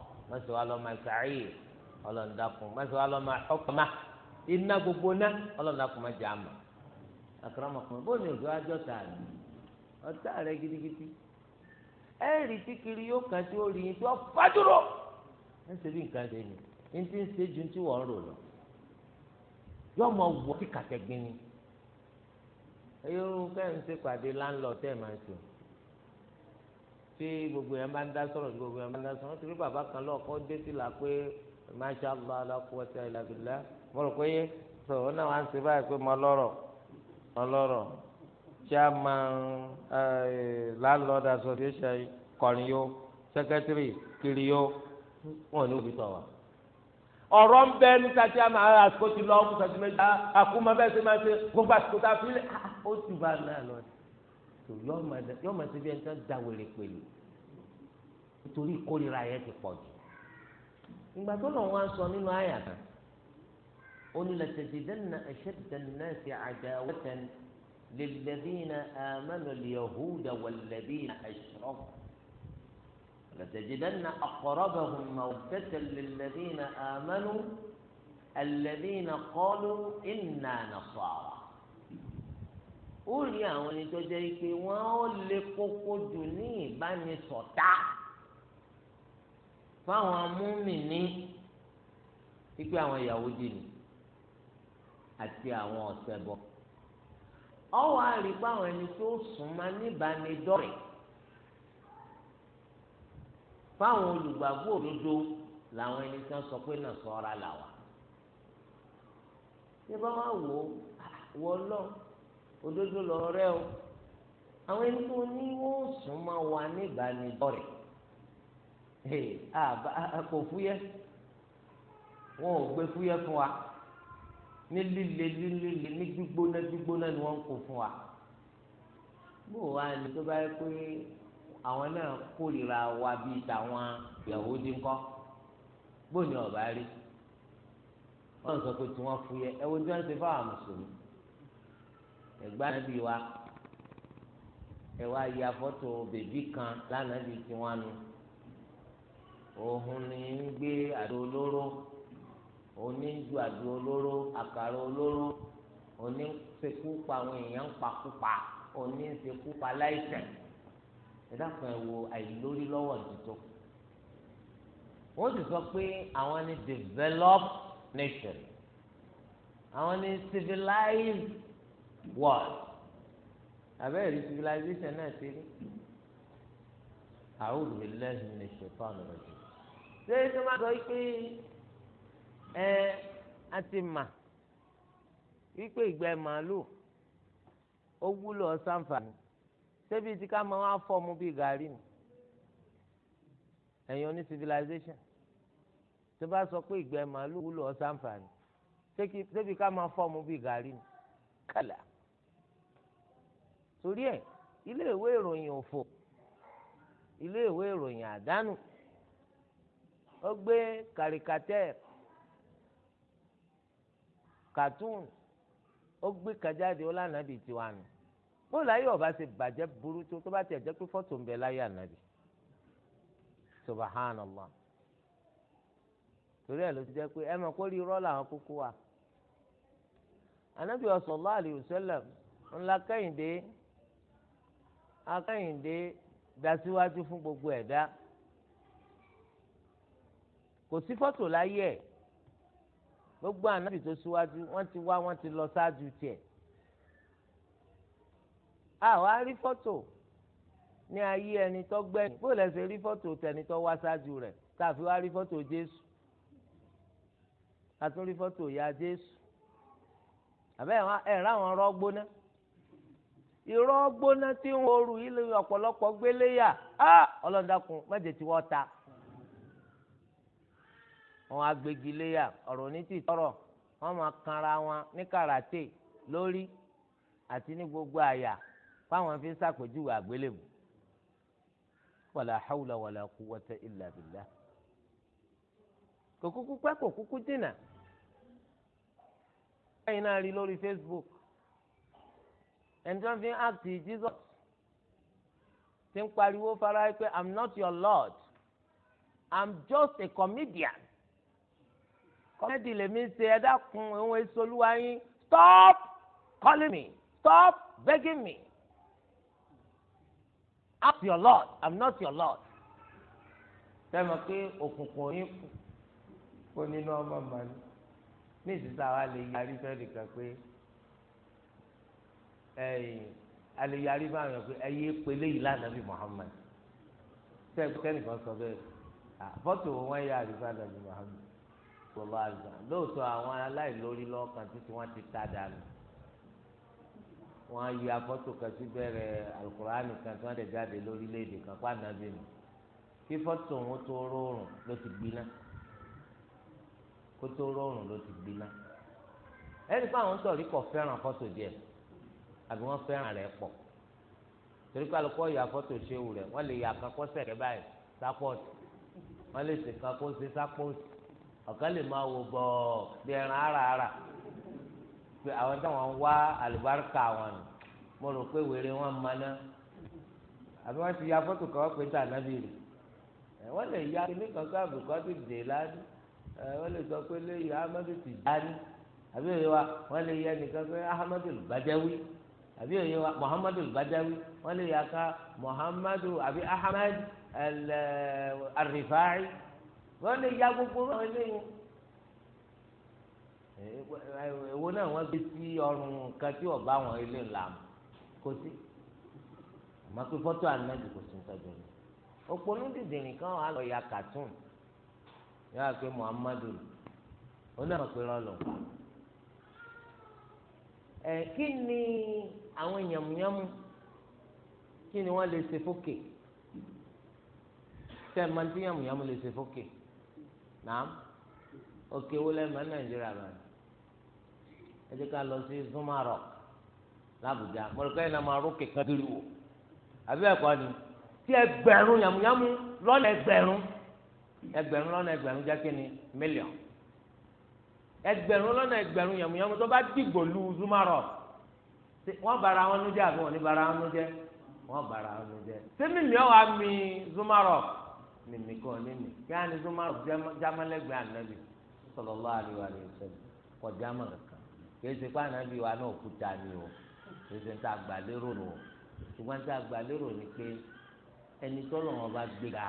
mọ́sí wa lọ́mọ ìsàáyè ọlọ́ndàkùn mọ́sí wa lọ́mọ ọkọ̀má iná gbogbo ná ọlọ́ndàkùn mọ́jà àmà àkàràmọ̀kùn bó ni òjò ajọ́ tà ní ọ̀tá rẹ̀ gidigidi ẹ̀rì tí kiri yóò kàn tí ó rí yín tí wọ́n fàdúró ẹ̀ ń ṣe bí nǹkan ṣe ni ní ti ń ṣe ju tí wọ́n ń rò lọ yóò mọ wọ kíkàtẹ́gbin ni ẹ̀yọ́ kẹ́ ń ṣe pàdé láńlọ́ọ̀ tẹ́ ẹ̀ máa ń sùn tí gbogbo yẹn bá ń dá sọ̀rọ̀ tí gbogbo yẹn bá ń dá sọ̀rọ̀ torí bàbá kan lọ́ọ̀kọ́ dé sí la pé masha allah alakuwata ilabila mo rò pé yé sọ ọ náà wá ń ṣe báyìí pé mo lọ́rọ̀ mo lọ́rọ̀ tí a máa landlord association kọrin yó secretary kiri yó wọn ò ní òbí tọ̀ wá ọ̀rọ̀ ń bẹ ní sati àmà àsìkò ti lọ ọ̀hún sàtìmẹ́jà àkúmọ̀ bẹ́ẹ̀ ṣe máa ṣe gbogbo àsìkò tá a fi lé ó ti bá a náà lọ tó yọ ọmọ yọmọ bí ẹni tó da wèrè pẹ̀lú nítorí ìkórira yẹn ti pọ̀ jù ìgbà tó lọ wọn sọ nínú àyà kan onílẹ̀tẹ̀dẹ̀dẹ̀nà ẹ̀ṣẹ̀dẹ̀nàṣì àdáwọ̀tẹ̀n lẹ́lẹ́dínà àmàlù yahuda wàlẹ́dínà ẹ̀ṣọ́kù لتجدن أقربهم مودة للذين آمنوا الذين قالوا إنا نصارى ó rí àwọn ẹni tó jẹ́ pé wọ́n ó lè kókó jù ní ìbánisọ̀tá fáwọn amúmìní pípé àwọn ìyàwó dì ní àti àwọn ọ̀sẹ̀ bọ̀ ọwọ́ àrígbá àwọn ẹni tó súnmọ́ níbánidọ́rẹ̀ fáwọn olùgbàgbọ́ òdodo làwọn ẹni tí wọ́n sọ pé náà sọ́ra làwà. ṣé bá wò ó wọ́n lọ́ọ́ òdodo lọ rẹ o àwọn ẹni tó ní wọn sùn máa wà níbàánidọ́rẹ̀ kò fúyẹ́ wọn ò gbé fúyẹ́ fún wa ní líle líle ní gbígbóná gbígbóná ni wọ́n ń kó fún wa bó wa ni tó bá yẹ pé àwọn náà kórìíra wa bíi tàwọn Yahudi ńkọ́ bó ni ọba rí wọn sọ pé tí wọn fúyẹ́ ẹ wo tí wọn ṣe fáwọn mùsùlùmí ẹgbẹ́ anabi wa ẹ wá ya fọ́tò bèbí kan lánàbí tiwọn nu òhun ni ń gbé àdó olóró onídùú àdó olóró àkàrà olóró oníṣekúpa àwọn èèyàn ń pakúpa oníṣekúpa láìsẹ̀ ẹ dákun ẹ wo àìlórí lọ́wọ́ tuntun wọ́n ti sọ pé àwọn ni developed nation àwọn ni civilized world abẹ́rẹ́ rí civilization náà ti rí àwùjọ ìlẹ́sìn ní ṣèpán rẹ̀ ṣé tó máa sọ pé ẹ a ti mà wípé ìgbẹ́ màálùú ó wúlò ọ̀sánfààní ṣébi tí ká máa wá fọ́ọ̀mù bíi gàrí ni ẹ̀yin oní civilization tó bá sọ pé ìgbẹ́ màálùú wúlò ọ̀sánfààní ṣébi ká máa fọ́ọ̀mù bíi gàrí ni kàlà. torí ẹ̀ ilé ìwé ìròyìn òfò ilé ìwé ìròyìn àdánù ó gbé kàríkátẹ́ẹ̀ kàtún ó gbé kàjáde ó lànàbì tiwa nù bóòlù ayé ọba ṣe bàjẹ́ burú tó tó bá tiẹ̀ jẹ́ pé fọ́tò ń bẹ láyé ànábì subhanallah torí ẹ̀ ló ti jẹ́ pé ẹ mọ̀ kó rí irọ́ làwọn kúkú wa ànábì akẹ́yìndé gbàsíwájú fún gbogbo ẹ̀dá kò sí fọ́tò láyé ẹ̀ gbogbo ànábì tó síwájú wọ́n ti wá wọ́n ti lọ ṣáájú tiẹ̀ àwa rí fọ́tò ní ayé ẹni tó gbẹ̀yìn bó lẹ́sẹ̀ rí fọ́tò tẹni tó wá ṣáájú rẹ̀ tàbí wá rí fọ́tò Jésù àtún rí fọ́tò ìyá Jésù àbẹ́ ẹ̀ ráwọn ọ̀rọ̀ gbóná irọ́ gbóná tí ń horù ilé ọ̀pọ̀lọpọ̀ gbéléyà á ọlọ́dàkùn mẹ́jẹ̀ tí wọ́n ta wọn agbègi léyà ọ̀rọ̀ ní ti tọrọ wọn máa kanra wọn ní lórí àti ní gbogbo àyà fáwọn fi ń ṣàpèjúwe àgbélébù wàlà hàwùlà wàlà kò kúkú ẹni tí wọ́n fi ń act Jesus ti ń pariwo fara pé I'm not your Lord I'm just a comedian kọ́mẹ́dì lèmi ṣe ẹ dákun òun èso olúwa yín stop calling me stop begging me ask your Lord I'm not your Lord sẹ́mi pé òkùnkùn yín kò nínú ọmọ màálù ní ìsinsìnyí àwa lè yí arífẹ́ nìkan pé. aliyari bá yàn pé ẹyẹ pélé yìí lánàbí Muhammad sẹ́nìkan sọ bẹ́ẹ̀ Foto wọn yà àríwá nàbí Muhammad sọlá àgbà lóòótọ́ àwọn aláìlórí lọ́kàn títí ti ta dànù wọ́n yí afọ́tò kan sí bẹ̀rẹ̀ alukurani kan tí wọ́n lè jáde lórílẹ̀ kan pa nàbí mi kí fọ́tò wọn tó rọrùn ló ti gbiná kó tó rọrùn ló ti gbiná ẹnì àwọn àbí wọ́n fẹ́ràn rẹ̀ pọ̀ torí pé alùpùpù yà fọ́tò ṣéwù rẹ̀ wọ́n lè yà kan kó sẹ̀kẹ́ báyìí sápọ̀tì wọ́n lè sì kan kó ṣe sápọ̀tì ọ̀kan lè máa wò bọ̀ọ̀ bí ẹran àràárà pé àwọn táwọn ń wá àlùbáríkà wọn nù mo rò pé wèrè wọn maná àbí wọ́n ti ya fọ́tò kan wọ́n pè tà nábìrì wọ́n lè ya kíní kan kó àbùkọ́tì dè lánìí wọ́n lè sọ pé léyìí ahmadu ti dání àbí òye wa wọ́n lè ya nìkan pé ahmadu lùbàjẹ́wí àbí òye wa muhammadu badawi wọn lè yàka muhammadu àbí ahmed arifai wọn lè ya gbogbo wọn léwu èwo náà wọn gbé sí ọrùn kan tí ọba wọn ilé làm kò sí àmọ́ pé fọ́tò ànájì kò sí nǹkan jọ ní òpònú dìdìrín kan wà lọ ya cartoon yàrá pé muhammadu onáà pé rọlọ ẹ kí ni àwọn yàmùyàmù kí ni wọ́n lè ṣe fókè tẹ́ ẹ̀ máa ti yàmùyàmù lè ṣe fókè nàám òkè wo lẹ́yìn máa nàìjíríà báyìí ẹ jẹ́ ká lọ sí Zuma Rock l'Abuja mọ̀lùkọ́ yìí náà máa rókè kankiri wò àbí ẹ̀kọ́ ni tí ẹgbẹ̀rún yàmùyàmù lọ́nà ẹgbẹ̀rún ẹgbẹ̀rún lọ́nà ẹgbẹ̀rún jẹ́ kí ni mílíọ̀n ẹgbẹ̀rún lọ́nà ẹgbẹ̀rún yàmùyàmù tó bá dìgbò lu Zuma wọ́n bara wọn nújẹ́ àbí wọ́n ní bara wọn nújẹ́ wọ́n bara wọn nújẹ́ sẹ́mi mi ò wá mi zumarọ mímí kan níní kí á ní zumarọ jámálẹ́gbẹ̀ẹ́ ànábì sallallahu alaihi wa sallam kọjá mọ̀ kankan kì í ṣe pé ànábì wa náà ni o kì í ṣe tá a gbà lérò nù o ṣùgbọ́n tá a gbà lérò ni pé ẹni tọ́lọ̀ wọn bá gbéra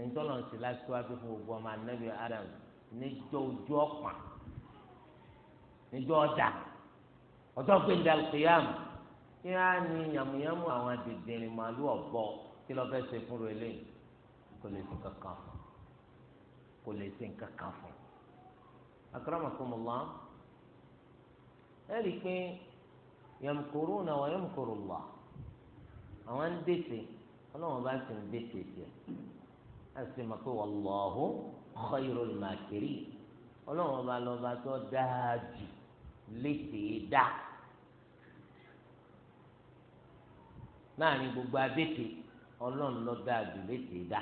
ẹni tọ́lọ̀ ń sì láṣíwájú fún gbogbo ọmọ ànábì Adam níjọ́ ojú ọ̀pá níjọ́ ọ̀dà ọjọ́ gbẹ̀ndẹ̀ alùpùpù kí á ní yàmùyàmù àwọn àdèdèrè màálù ọ̀bọ kí lọ́ọ́ fẹ́ ṣe fún rẹ̀ lẹ́yìn kò lè ṣe kankan fún kò lè ṣe kankan fún. akramakumullah ẹ rí i pé yamkuruna wa yamkurullah àwọn ń dètè ọlọ́wọ́n bá ti ń dètè tiẹ̀ á sì mọ̀ pé wallahu khairul makirin ọlọ́wọ́n bá lọ́ba tó dáa jù létè dáa. láàrin gbogbo abété ọlọ́run ló dáa jù létè dá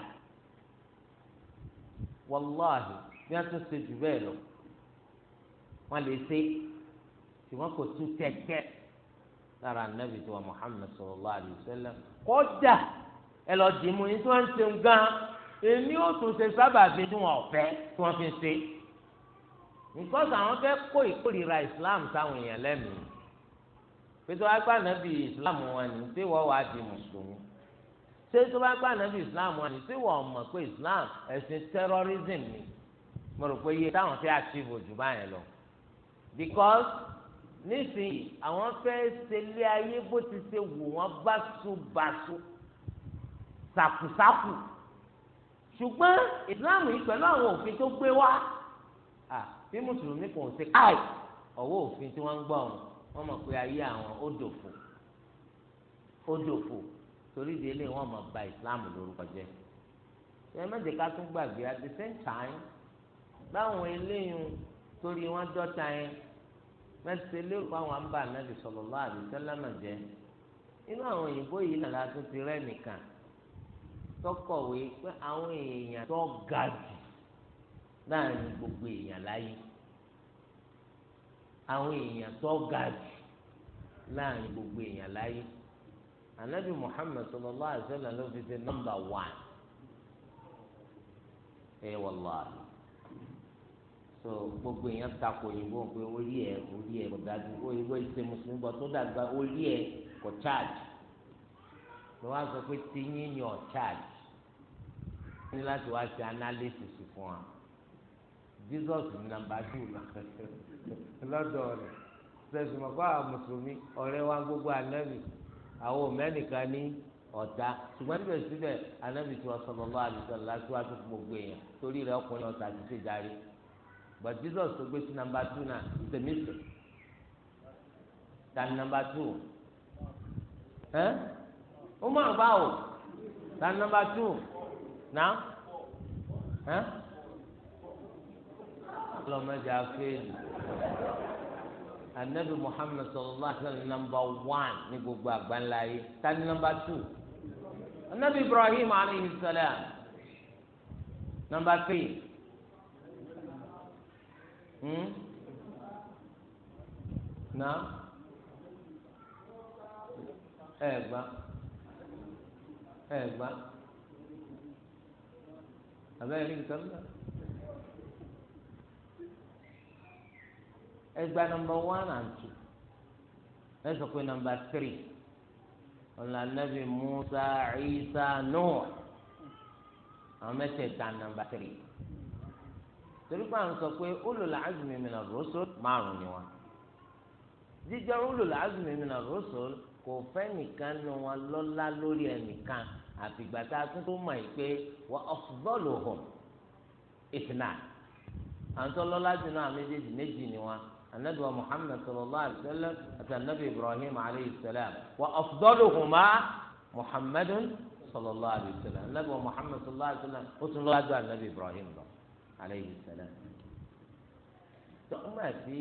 wàláhì bí wọ́n tún ṣe jù bẹ́ẹ̀ lọ wọ́n lè ṣe ṣùgbọ́n kò tún tẹ̀tẹ̀ lára nàbì tó wà Muhammad sallallahu alaihi wasallam kọjá ẹ lọ dì mú ní tí wọ́n ń ṣe gan èmi ò tún ṣe sábà fi tí wọ́n ọ̀fẹ́ tí wọ́n fi ṣe nǹkan sàwọn fẹ́ kó ìkórìíra Islam sáwọn èèyàn lẹ́mìí pẹ̀tọ́ agbá nàbì islam wọn ni ṣé wọ́n wá di mùsùlùmí ṣé tó bá gbá nàbì islam wọn ni ṣé wọ́n mọ̀ pé islam ẹ̀sìn terrorism ni mo rò pé iye táwọn fẹ́ achieve jù báyẹn lọ because nísìnyí àwọn fẹ́ ṣẹlẹ̀ ayé bó ti ṣe wù wọ́n báṣubàṣu sàkùsàkù ṣùgbọ́n islam yìí pẹ̀lú àwọn òfin tó gbé wá bí mùsùlùmí kò ṣe káì ọ̀wọ́ òfin tí wọ́n ń gbọ́ ọ̀hún wọ́n mọ̀ pé ayé àwọn ó dòfò ó dòfò torí délé wọ́n mọ̀ ba ìsìláàmù lórúkọ jẹ́ ẹ má jẹ́ ká tún gbàgbé at the same time báwọn eléyìí torí wọ́n dọ́ta yẹn mẹ́tẹ́ lérò àwọn àǹbá anábì sallallahu alaihi wasallam jẹ́ inú àwọn òyìnbó yìí náà la tún ti rẹ́ nìkan tọkọ̀wé pé àwọn èèyàn tó ga jù láàrin gbogbo èèyàn láyé àwọn èèyàn tó ga jù láàrin gbogbo èèyàn láyé anabi muhammed sallallahu alaihi wa sallam ló fi ṣe nọ́mbà wán ẹ wàláhi so gbogbo èèyàn takò òyìnbó pé orí ẹ orí ẹ kò dájú òyìnbó ìṣe mùsùlùmí bọ tó dàgbà orí ẹ kò charge ló wá sọ pé tiyín yàn charge ní láti wá ṣe analysis fún wa jesus ní nàmbà two náà. lọ́dọ̀ rẹ̀ sẹ̀sùmọ̀ fún àwọn mùsùlùmí ọ̀rẹ́ wa gbogbo ànábì àwọn òmẹ́nìkan ní ọ̀tá ṣùgbọ́n níbẹ̀ síbẹ̀ ànábì tí wọ́n sọ̀rọ̀ lọ́wọ́ àdìsọ lásìwájú gbogbo èèyàn torí rẹ̀ ọkùnrin ọ̀tá ti ṣe darí but Jesus tó gbé sí nàmbà tù náà is a mystery ta nàmbà tù ẹ́ ó máa bá wò ta nàmbà tù náà ẹ́ ọlọ́mọdé afẹ́lì anabi muhammed sallallahu alaihi wa sallam nọ́mbà wán ní gbogbo àgbáńlá yìí tani nọ́mbà tù anabi ibrahim alayhi salam nọ́mbà tì hmm? na ẹ gbà ẹ gbà abẹ́rẹ́ nìkan ẹgbà nọmba one and two ẹ sọ pé nọmba three ọ̀là nàbì Musa Isa Noah àwọn mẹ́tẹ̀ẹ̀ta nọmba three torí pé àwọn sọ pé ulul azmi minar rusul márùn ni wọn jíjọ ulul azmi minar rusul kò fẹ́ nìkan nu wọn lọ́lá lórí ẹnìkan àfìgbà tá a tún tó mọ̀ yìí pé wa afdaluhum ithnan àwọn tó lọ́lá jù náà méjèèjì méjì ni wọn. النبي محمد صلى الله عليه وسلم أتى النبي إبراهيم عليه السلام وأفضلهما محمد صلى الله عليه وسلم النبي محمد صلى الله عليه وسلم قلت الله أدعى النبي إبراهيم عليه السلام تأمى في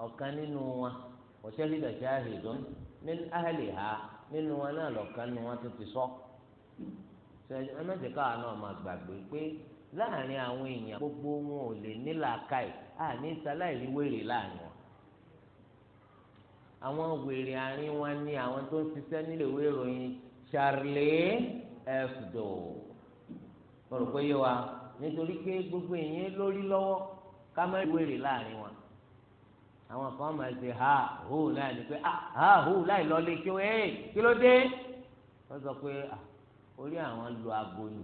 أركان نوة وشهد شاهد من أهلها من وانا لو كان نوة تتصق أنا ذكر أنا ما gbàgbé pé láàrin àwọn èèyàn gbogbo wọn ò lè nílàákàyè àní sáláìlì wèrè láàrin wọn àwọn wèrè àárín wọn ni àwọn tó ń ṣiṣẹ́ nílé ìwé ìròyìn Charlie Hebdo mo rò pé yé wa nítorí pé gbogbo èèyàn lórí lọ́wọ́ ká má wèrè láàrin wọn àwọn kan máa ṣe ha hó láì ní pé ah, ha hó láì lọ lé kí ó ẹ kí ló dé wọ́n sọ pé ah, orí àwọn lu aago ni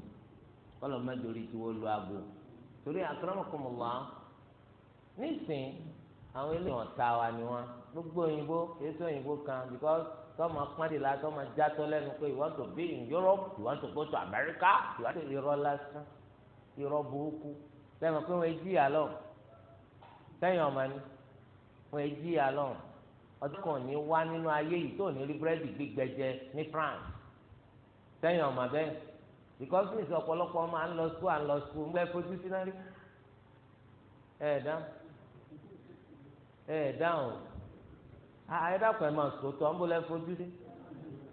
kọ́lọ̀ mẹ́jọ orí tiwọ́ lu aago torí àkàràmọ̀kọ́mọ̀lá nísìnyí àwọn eléyìí ọ̀tá wa ni wọn gbogbo òyìnbó èso òyìnbó kan because tọmọ pọ́ndì la you want to be in Europe you want to go to America you want to irọ́ lásán irọ́ burúkú lẹ́nu pé ọmọ ni wọ́n ọdún kan ní wá nínú ayé yìí tó ní rí búrẹ́dì gbígbẹ jẹ ní France sẹ́yìn ọmọ bẹ́ẹ̀ because ọpọlọpọ ìsọ̀pọ̀lọpọ̀ máa ń lọ school à ń lọ school ń gbẹ́ fojú sí náà ẹ ẹ dáhùn ẹ dákun ẹ máa sòótọ́ ń bọ́ lẹ́ fojú dé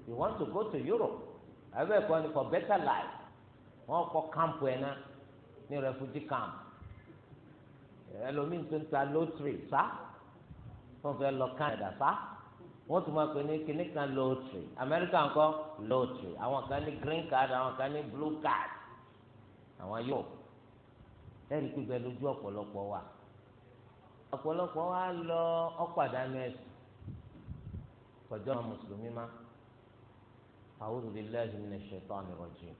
you want to go to Europe abẹ́ ẹ̀kọ́ ni for better life wọ́n kọ́ kámpù ẹ̀ náà ní refugee camp ẹlòmíín tó ń ta lottery sá wọ́n fẹ́ lọ Canada sá wọ́n tún máa pè ní kíní kan lottery America ńkọ́ lottery àwọn kan ní green card àwọn kan ní blue card àwọn yóò ẹ̀rí pípẹ́ lójú ọ̀pọ̀lọpọ̀ wà ọ̀pọ̀lọpọ̀ wa lọ ọ̀pàdánù ẹ̀sìn kọjọ́ àwọn mùsùlùmí má a'udhu billahi minash shaitanir rajim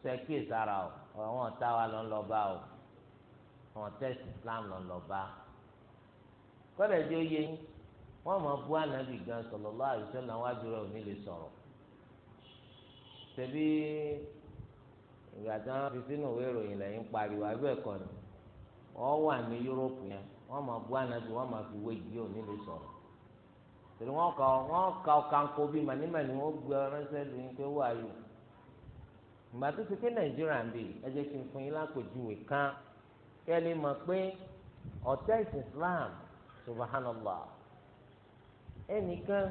sọ ẹ kíyè sára o àwọn ọ̀tá wa lọ ń lọ bá o àwọn tẹ́sí Islam lọ ń lọ bá kọ́lẹ̀ tí ó yẹ yín wọ́n mọ̀ bú ànábì gan sallallahu alaihi wasallam wájú rẹ̀ ò ní lè sọ̀rọ̀ tẹ̀bí ìgbà tí wọ́n fi sínú ìròyìn lẹ́yìn pariwo àbí ni wọ́n wà ní Yúróòpù yẹn wọ́n máa bu ànábì wọ́n máa fi wé igi òní lè sọ̀rọ̀ tẹ̀lé wọ́n kà wọ́n kà kanko bíi mànímàní wọ́n gbé ọ̀rẹ́sẹ̀ lóyún pé wọ́n ayò ìgbà tó ti pé nàìjíríà ń bì ẹ jẹ́ kí n fún yín lápèjúwe kan kí ẹ lè mọ̀ pé ọ̀tẹ́ ìsìn Islam subhanallah ẹnìkan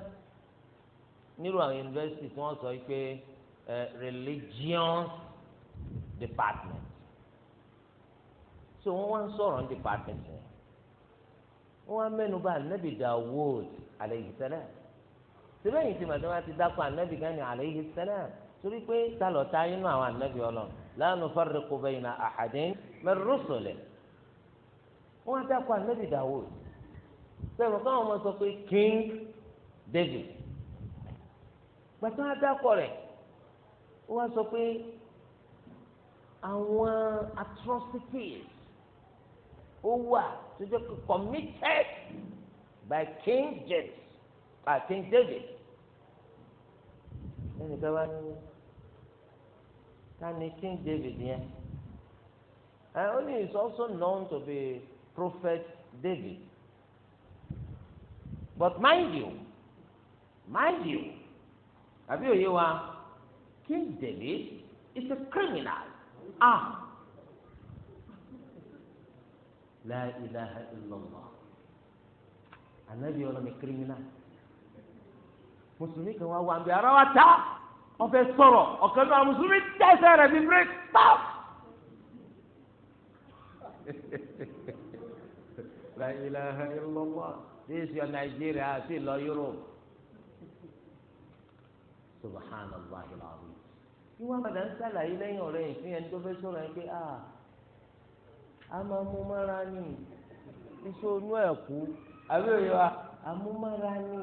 nírú àwọn yunifásitì tí wọ́n sọ pé eh, religion department so wọ́n wá ń sọ̀rọ̀ ní department yẹn wọ́n á mẹ́nuba anabi dawud aleyhi sẹlẹm sibẹyin ti màdàmà ti dákọ anabi gani aleyhi torí pé sálọ inú àwọn anabi ọlọ la nufarriqu bayna ahadin min rusulihi wọ́n á dákọ anabi dawud sẹwọn káwọn ọmọ sọ king david gbàtọ́ á dákọ rẹ̀ wọ́n sọ pé àwọn atrocities. ó wà tó jẹ́ pé committed by King James by King David ẹnìkan wá ní ká ní King David yẹn and only is also known to be Prophet David but mind you mind you àbí òye wa King David is a criminal ah la ilaha illallah anabi ọlọmọ kírímìnà mùsùlùmí kan wá wà ń bẹ ara wa ta ọfẹ sọ̀rọ̀ ọkàn náà mùsùlùmí tẹsẹ rẹ bí bírè pàp la ilaha illallah this your Nigeria sí lọ Europe subhanallah ilaahu. ìwà padà ń sàlàyé lẹ́yìn ọ̀rẹ́ yìí fún ẹni tó fẹ́ sọ̀rọ̀ yẹn pé ah amamumára ni iṣẹ́ onú ẹ̀ kú àbí òye wa amúmára ni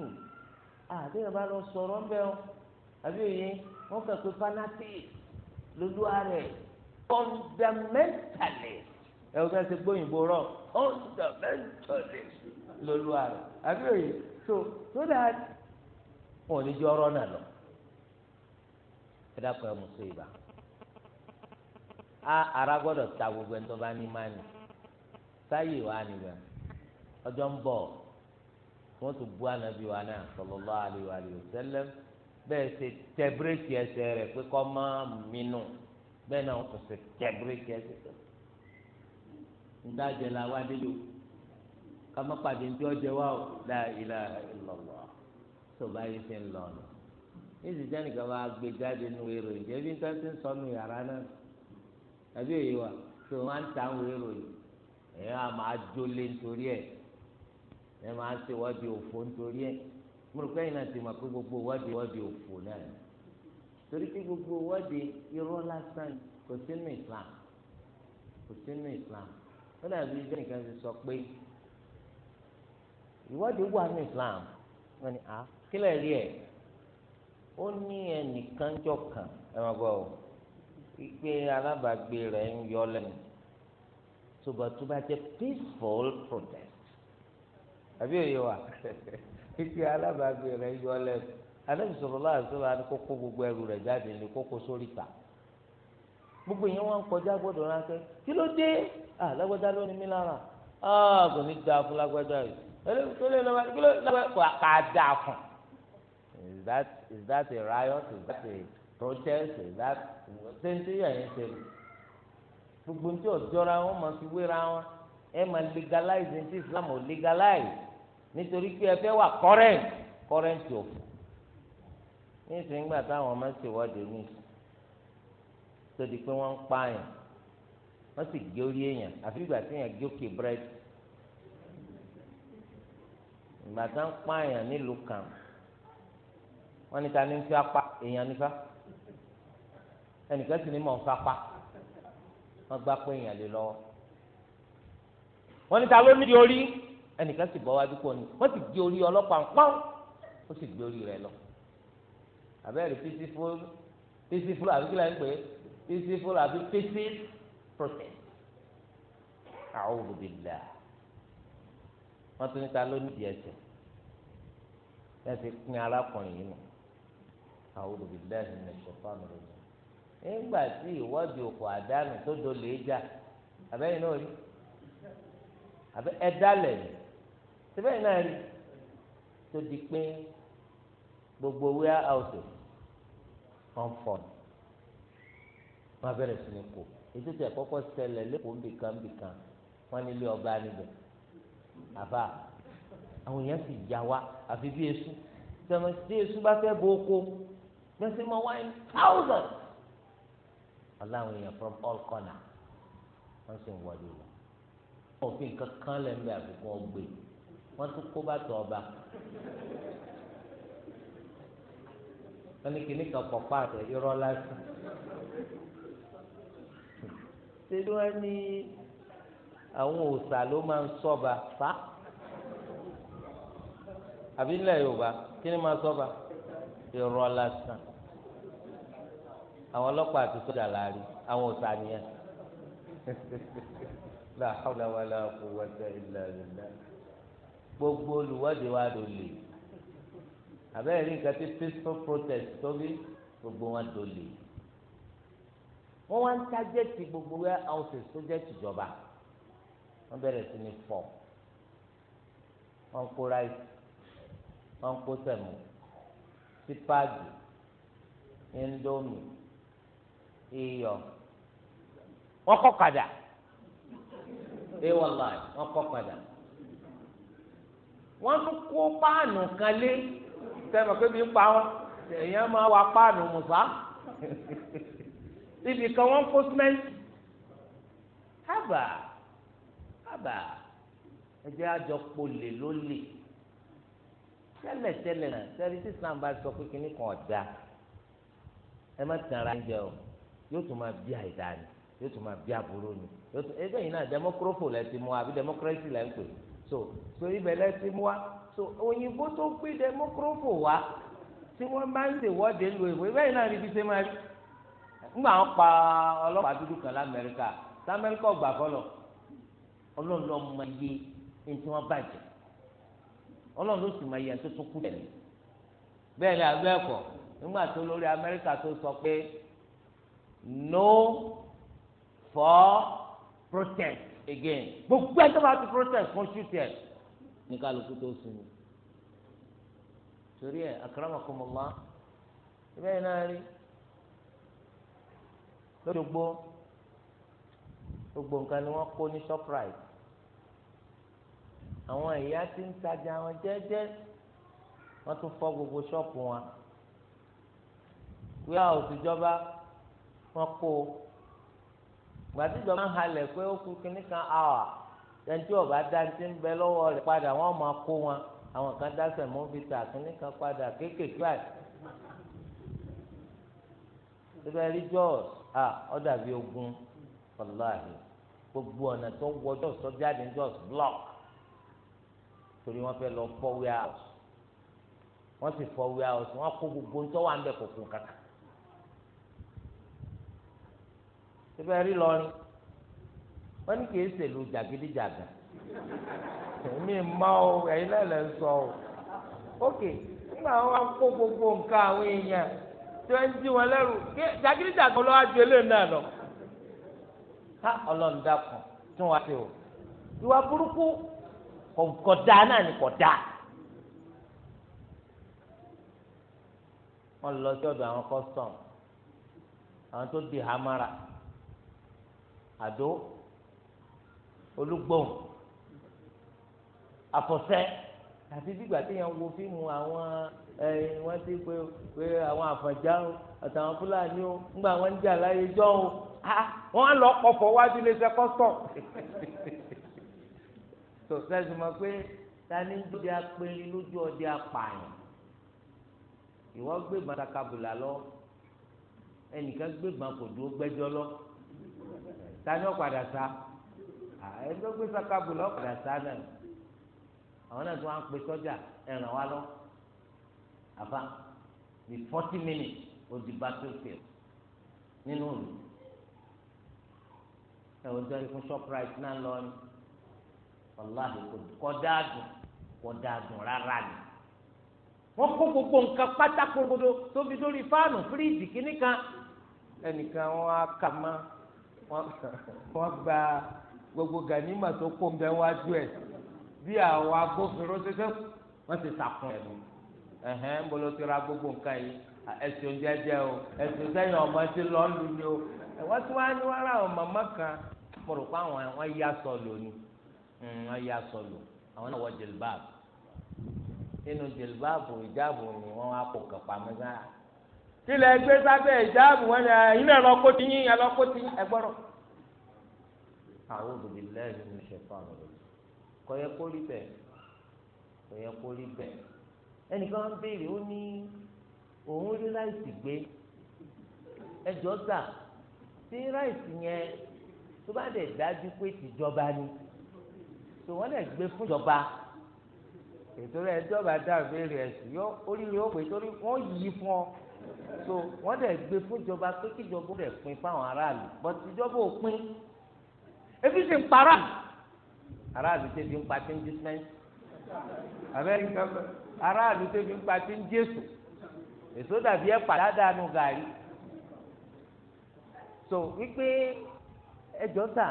àbí ìyàbá lọ sọ̀rọ̀ ńbẹ́ o àbí òye wọ́n kẹ́ pé fanatic lójú ààrẹ fundamentalist ẹ̀ wọ́n kẹ́ ṣe gbóyìnbó rọ̀ fundamentalist lójú ààrẹ àbí òye so so that wọn ò ní jọ ọ̀rọ̀ náà lọ ẹ dákun ẹ mú sí ibà á ara gbọ́dọ̀ ta gbogbo ẹni tó bá ní mánì sáyè wa nìgbà ọjọ́ ń bọ̀ wọ́n tún bu ànábì wa náà sallallahu alaihi wa sallam bẹ́ẹ̀ ṣe tẹ bírèkì ẹsẹ̀ rẹ̀ pé kọ́ má mínú bẹ́ẹ̀ náà wọ́n tún ṣe tẹ bírèkì ẹsẹ̀ rẹ̀ ndájẹ la wá dédò kàmá pàdé ntí ọjẹ wa o la ilaha illallah tó bá yẹ fi ń lọ nù ní ìsìtẹ́nì kan bá gbé jáde nù èrò ìjẹ́ bí nǹkan ti ń sọ yàrá náà àbí èyí wa tó wọn ta àwọn èrò yìí ẹ̀yìn wa máa jólé nítorí ẹ̀ ẹ̀ máa ṣe wádìí òfò nítorí ẹ̀ mo rò pé ẹ̀yin náà ti mọ̀ pé gbogbo wádìí wádìí òfò náà ni torí pé gbogbo wádìí irọ́ lásán kò sínú Islam kò sínú Islam ó dàbí ìjọ nìkan ti sọ pé ìwádìí wà ní Islam wọn ni à kílẹ̀ rí ẹ̀ ó ní ẹnìkan jọ kàn máa bọ̀ ọ́ wípé alábàágbé rẹ̀ ń yọ lẹ́nu ṣùgbọ́n tó bá peaceful protest àbí òye wa wípé alábàágbé rẹ̀ ń yọ lẹ́nu alẹ́ sọ̀rọ̀ láàrin sọ̀rọ̀ àti kókó gbogbo ẹrù rẹ̀ jáde ní kókó sórí ta gbogbo yẹn wọn kọjá gbọ́dọ̀ ránṣẹ́ kí ló dé alágbádá ló ní mí lára kò ní da fún lágbádá yìí ẹlẹ́gbẹ̀rún lọ́wọ́ kí ló lágbádá kà á fún. Is that, is that a riot? Is that a protest that ṣéńtì yẹn ṣe gbogbo ní tí òjọra wọn máa fi wéra wọn ẹ máa legalize ní tí Islam ò legalize nítorí pé ẹ fẹ́ wà current current òfò ní ìsìngbà táwọn máa ń ṣèwọ́de ní ìsìn tó di pé wọ́n ń pààyàn wọ́n sì gé orí èèyàn àfi ìgbà tí èèyàn gé òkè búrẹ́dì ìgbà tá ń pààyàn nílùú kan wọ́n ní ní fi apá èèyàn nífà ẹnìkan sì ní mọ̀ nfapá wọ́n gbá pé èèyàn lè lọ́wọ́ wọ́n ní ta ló ní di orí ẹnìkan sì bọ́ wájú pọ̀ ni wọ́n sì gé orí ọlọ́pàá pọ́n ó sì gbé orí rẹ̀ lọ àbẹ́rẹ́ pisi fúlù pisi fúlù àbí kílẹ̀ ń pè é pisi fúlù àbí pisi process a'udhu billah wọ́n tún ní ta ló ní di ẹsẹ̀ ẹsẹ̀ pín arákùnrin yìí nù a'udhu billahi minash shaitani rajim nígbà tí ìwọ́de òkò àdánù tó dolè já àbẹ́yìn náà rí àbẹ́ ẹ̀dálẹ̀ ni síbẹ̀yìn náà rí tó di pé gbogbo wíwá àwòsàn wọn fọ̀ wọn bẹ̀rẹ̀ sí ní kó ètò tí àkọ́kọ́ ṣẹlẹ̀ lẹ́kọ̀ọ́ nbìkan nbìkan wọn nílé ọba níbẹ̀ àbá àwọn èèyàn sì yá wa àfi bí esu tẹmẹ tí esu bá fẹ́ bọ́ oko gbèsè máa wáyé thousand aláwọn èèyàn from all corner wọ́n sì ń wọlé lọ òfin kankan lẹ́nu àbíkú ọgbẹ́ wọ́n tún kó bàtà ọba wọ́n ní kíní kan pọ̀ pààtẹ irọ́ lásán ṣé ni wọ́n ní àwọn òòṣà ló máa ń sọ́ba fa àbí nílẹ̀ yorùbá kíní máa sọ́ba irọ́ lásán àwọn ọlọ́pàá àti sọ́jà láàrin àwọn ọ̀sà nìyẹn. la hawla wala quwwata illa billah gbogbo olùwọ́de wa ló lè àbẹ́rẹ́ rí nǹkan tí peaceful protest tó bí gbogbo wọn ló lè wọ́n wá ń tajẹ́ ti gbogbo wẹ́ houses tó jẹ́ tìjọba wọ́n bẹ̀rẹ̀ sí ní fọ́ wọ́n kó rice wọ́n kó sẹ̀mù sípáàgì indomie iyọ̀ wọ́n kọ́ kadà ẹ wàláhì wọ́n kọ́ kadà wọ́n tún kó páànù kan lé sẹ́mi pé mi ń pa wọn èèyàn máa wá páànù mùsà ibì kan wọ́n kó símẹ́ǹtì hábà hábà ẹ jẹ́ àjọpọ̀ lè ló lè tẹ́lẹ̀tẹ́lẹ̀ náà sẹ́ni tí Islam bá sọ pé kínní kan ọ̀dà ẹ má tẹ̀ ara ẹ jẹ o yóò tún máa bí àìdá ni yóò tún máa bí aburú ni yóò tún ẹgbẹ́ yìí náà democrofo lẹ ti mú wa àbí democracy lẹ ń pè so so ibẹ̀ lẹ ti mú wa so òyìnbó tó gbé democrofo wa tí wọ́n bá ń ṣèwọ́de lu èbó ẹgbẹ́ yìí náà níbi ṣe máa rí ńgbà ń pa ọlọ́pàá dúdú kan lamẹ́ríkà lamẹ́ríkà ọgbà fọlọ ọlọ́run ló mọ iye ẹni tí wọ́n bàjẹ́ ọlọ́run ló sì mọ iye ẹni tó tún kú tẹ̀lé bẹ́ẹ̀ ni àbẹ́ẹ̀kọ́ nígbà tó lórí no for protest again gbogbo ẹjọ́ bá ti protest fún ṣùtẹ̀ ní kálukú tó sinmi torí ẹ akramakumullah ibẹ̀ yìí náà rí lójogbo gbogbo nǹkan ni wọ́n kó ní shoprite àwọn ìyá tí ń tajà wọn jẹ́jẹ́ wọ́n tún fọ́ gbogbo ṣọ́ọ̀pù wọn wíwá òsìjọba wọn kó o gbàtíjọ máa ń halẹ̀ pé ó kú kínní kan àwà tẹ̀ntì ọ̀bá dáńtì ń bẹ lọ́wọ́ rẹ̀ padà wọ́n máa kó wọn àwọn kan dáṣẹ̀ mọ́bìtà kínní kan padà kéékèèké àti. síbẹ̀ rí jọ́ọ̀s à ọ̀dà bíi ogun wàláhì gbogbo ọ̀nà tó wọ jọ́ọ̀s tó jáde jọ́ọ̀s block torí wọ́n fẹ́ lọ fọ́ wíhàùs wọ́n sì fọ́ wíhàùs wọ́n kó gbogbo ń tọ́wọ́ à ń bẹ̀ kòkó kankan. síbẹ̀ rí lọrin wọ́n ní kì í ṣèlú jàgídíjàgà èmi mọ́ o ẹ̀yin náà lè sọ o ókè nígbà wọn wá kó gbogbo nǹkan àwọn èèyàn tí wọ́n ń jí wọn lẹ́rù jàgídíjàgà lọ́wọ́ ju eléyìí náà lọ ká ọlọ́run dákun tí wọ́n á o ìwà burúkú kọ̀ọ̀kọ̀dá náà ni kọ̀dá. wọ́n lọ sí ọ̀dọ̀ àwọn custom àwọn tó di hamara àdó olúgbòhùn àfọ̀sẹ́ àti dìgbà téèyàn wo fíìmù àwọn ẹ̀yìn wọ́n ti pé pé àwọn àfọ̀njá o àtàwọn fúlàní o ńgbà wọ́n ń jà láyé jọ́ o wọ́n á lọ pọ̀fọ̀ wájú iléeṣẹ́ kọ́sítọ̀ tó sẹ́sì mọ̀ pé ta ni lóde apẹ̀rin lójú ọdẹ apààyàn ìwọ gbé bàtàkàbùlà lọ ẹnìkan gbé bàtàkàbùlà kò dúró gbẹ́jọ́ lọ tani ó padà sá ẹni gbé sakabu lọ padà sá náà àwọn náà tó wá ń pe sọ́jà ẹ̀ràn wa lọ àfa ní forty minutes odi battlefield nínú òòlù ẹ ò jẹ́ fún shoprite náà lọ ni wàláhì kọ́dá àdùn kọ́dá àdùn rárá ni wọ́n kó gbogbo nǹkan pátákó gbogbo tóbi lórí fáànù fíríìjì kìnnìkan ẹnìkan wọn á kà máa. wọ́n gba gbogbo ganima tó kó nbẹ wájú ẹ̀ bí àwọn agbófinró ṣẹṣẹ wọ́n ti sàkún ẹ̀ ẹ̀hẹ́n ń bolo ti ra gbogbo nǹkan yìí ẹ̀sùn jẹjẹ o ẹ̀sùn sẹ́yìn ọmọ ti lọ́ọ́lù ni o wọ́n ti wá ní wọ́n ra àwọn màmá kan mo rò pé àwọn wọ́n yá sọ̀lù ni wọ́n yá sọ̀lù àwọn náà wọ jìlbáàbù nínú jìlbáàbù ìjáàbù ni wọ́n wá kó kàn ilẹ̀ gbé sábẹ́ ìjáàbù wọn ni ẹ̀yin náà lọ kó tiyín ẹ lọ kó tiyín ẹ gbọ́dọ̀. àwọn òbí lẹ́yìn ní ṣẹ̀fọ́ àwọn ọ̀rọ̀ kò yẹ kó rí bẹ́ẹ̀ kò yẹ kó rí bẹ́ẹ̀ ẹnìkan ń béèrè ó ní òun rí ráìsì gbé ẹjọ́ gbà sí ráìsì yẹn tó bá dẹ̀ dájú pé tìjọba ni tó wọ́n dẹ̀ gbé fúnjọba ètò rẹ̀ ẹjọ́ bá dá ìbéèrè ẹ̀sìn yọ oríire ó pè torí wọ́n yí fún ọ so wọ́n dẹ̀ gbé fún ìjọba pé kí ìjọba rẹ̀ pín fáwọn aráàlú but ìjọba ò pín ebi sì ń para aráàlú tẹbi ń pa tí ń dísẹ́ǹsì amẹ́ríkà aráàlú tẹbi ń pa tí ń jésù èso dàbí ẹ̀pà dáadáa gàrí so wípé ẹjọ́ ta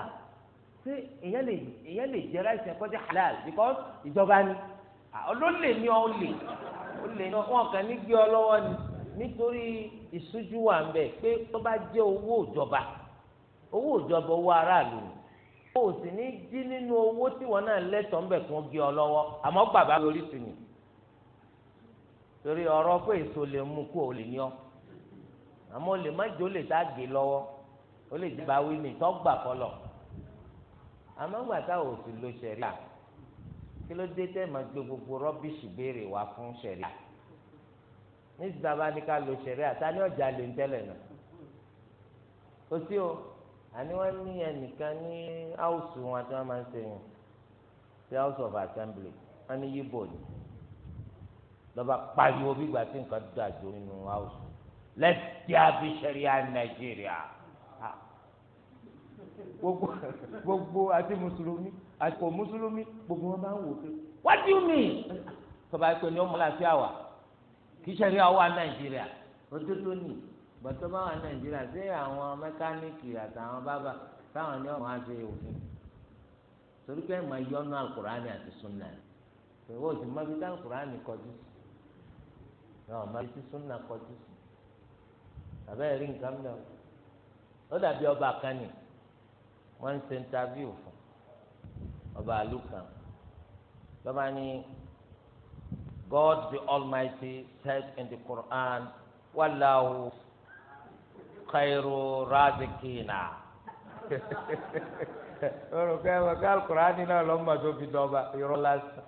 ṣé èyàn lè èyàn lè jẹ ráìsì ẹ̀kọ́ halal because ìjọba ni olólè ni ọ lè olè ni wọn kàn ní gbé ọ lọ́wọ́ ni nítorí ìṣújú wà ń bẹ pé tó bá jẹ́ owó ìjọba owó ìjọba owó aráàlú o ò sì ní jí nínú owó tí wọn náà lẹ́tọ̀ọ́ ń bẹ kí wọ́n gé ọ lọ́wọ́ àmọ́ bàbá lórí tù ní torí ọ̀rọ̀ pé èso lè mú kó o lè ní ọ àmọ́ o lè má jẹ́ lè tá a gé lọ́wọ́ o lè dìbò awí mi tó gbà kọlọ̀ àmọ́ gbà tá o sì lo ṣẹ̀ríà kí ló dé tẹ́ máa gbé gbogbo rọ́bìṣì béèrè wá fún ṣẹ̀ríà níṣìṣẹ́ bàbá ní ká lo ṣẹ̀rẹ́ àtàní ọ̀jà lè ń tẹ́lẹ̀ náà kò sí o àní wọ́n ní ẹnìkan ní áùsù wọn tí wọ́n máa ń ṣe yẹn sí house of assembly wọ́n ní yíbo ni lọ́ba pariwo bí ìgbà tí nǹkan dà jù nínú áùsù let's there be sharia Nigeria gbogbo gbogbo àti mùsùlùmí àti kò mùsùlùmí gbogbo wọn bá ń wò pé what do you mean tọ́ba ni ọmọ làásì àwà kì í ṣẹ̀rí àwa nàìjíríà òdodo ni bọ̀tọ́ bá wà nàìjíríà ṣé àwọn mẹkáníìkì àtàwọn bábà táwọn ní ọ̀hún á ṣe òfin torí pé màá yọnu alukurani àti sunna ìwọ òsì má fi dá alukurani kọjú sí ọ má fi sunna kọjú sí tàbí ẹ̀rí nǹkan mìíràn ó dàbí ọba kan ni wọ́n ń ṣe interview fún ọba àlù kan lọ́ba ní. God the Almighty says in the Quran, Wallahu khairu razikina. Olùkọ́ ẹ̀ wọ́n ká Alukur'ani náà lọ́ mọ̀ tó fi dọ́gba irọ́ lásán.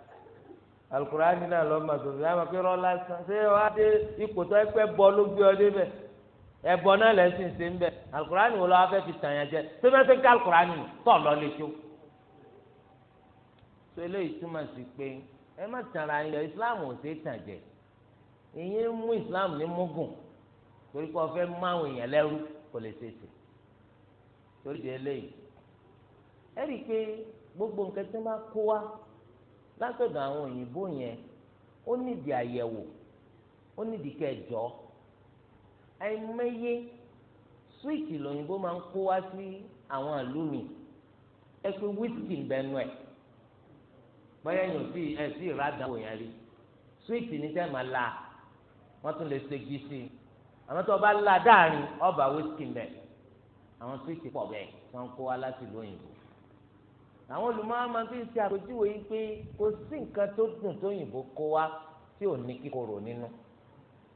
Alukur'ani náà lọ́ mọ̀ tó fi dọ́gba irọ́ lásán. Ṣé wàá dé ipò tó ẹgbẹ́ bọ́ ló gbé ọ débẹ̀? Ẹ̀bọ náà lẹ́sìn ṣe ń bẹ̀. Alukur'ani wo lọ́wọ́ fẹ́ fi tàn yẹn jẹ? Ṣé bẹ́ẹ̀ ṣe ń ká Alukur'ani ẹ má tànra yín lọ islam ò ṣe é tàn jẹ ìyẹn mú islam ní mugun torí pé ọfẹ máwọn èèyàn lẹ́rú kò lè ṣèṣe torí di eléyìí ẹ rí i pé gbogbo nǹkan tí wọn bá kó wá látọ̀dọ̀ àwọn òyìnbó yẹn ó nídìí àyẹ̀wò ó nídìí kẹjọ àìmọye súwìtì lòyìnbó máa ń kó wá sí àwọn àlùmí ẹ pé wíìtì ń bẹnu ẹ̀ bóyá èèyàn sì ẹ̀ sì rà dánwò yẹn rí swiiti ní sẹ́ẹ̀ máa la wọ́n tún lè segi sí i tó bá la dáàrin ọba wíṣíkì mbẹ́ àwọn swiiti pọ̀ bẹ́ẹ̀ wọ́n kó wa láti ìlú òyìnbó àwọn olùmọ̀ọ́ máa fi ń ṣe àpèjúwe yìí pé kò sí nǹkan tó dùn tó òyìnbó kó wa tí ò ní kíkorò nínú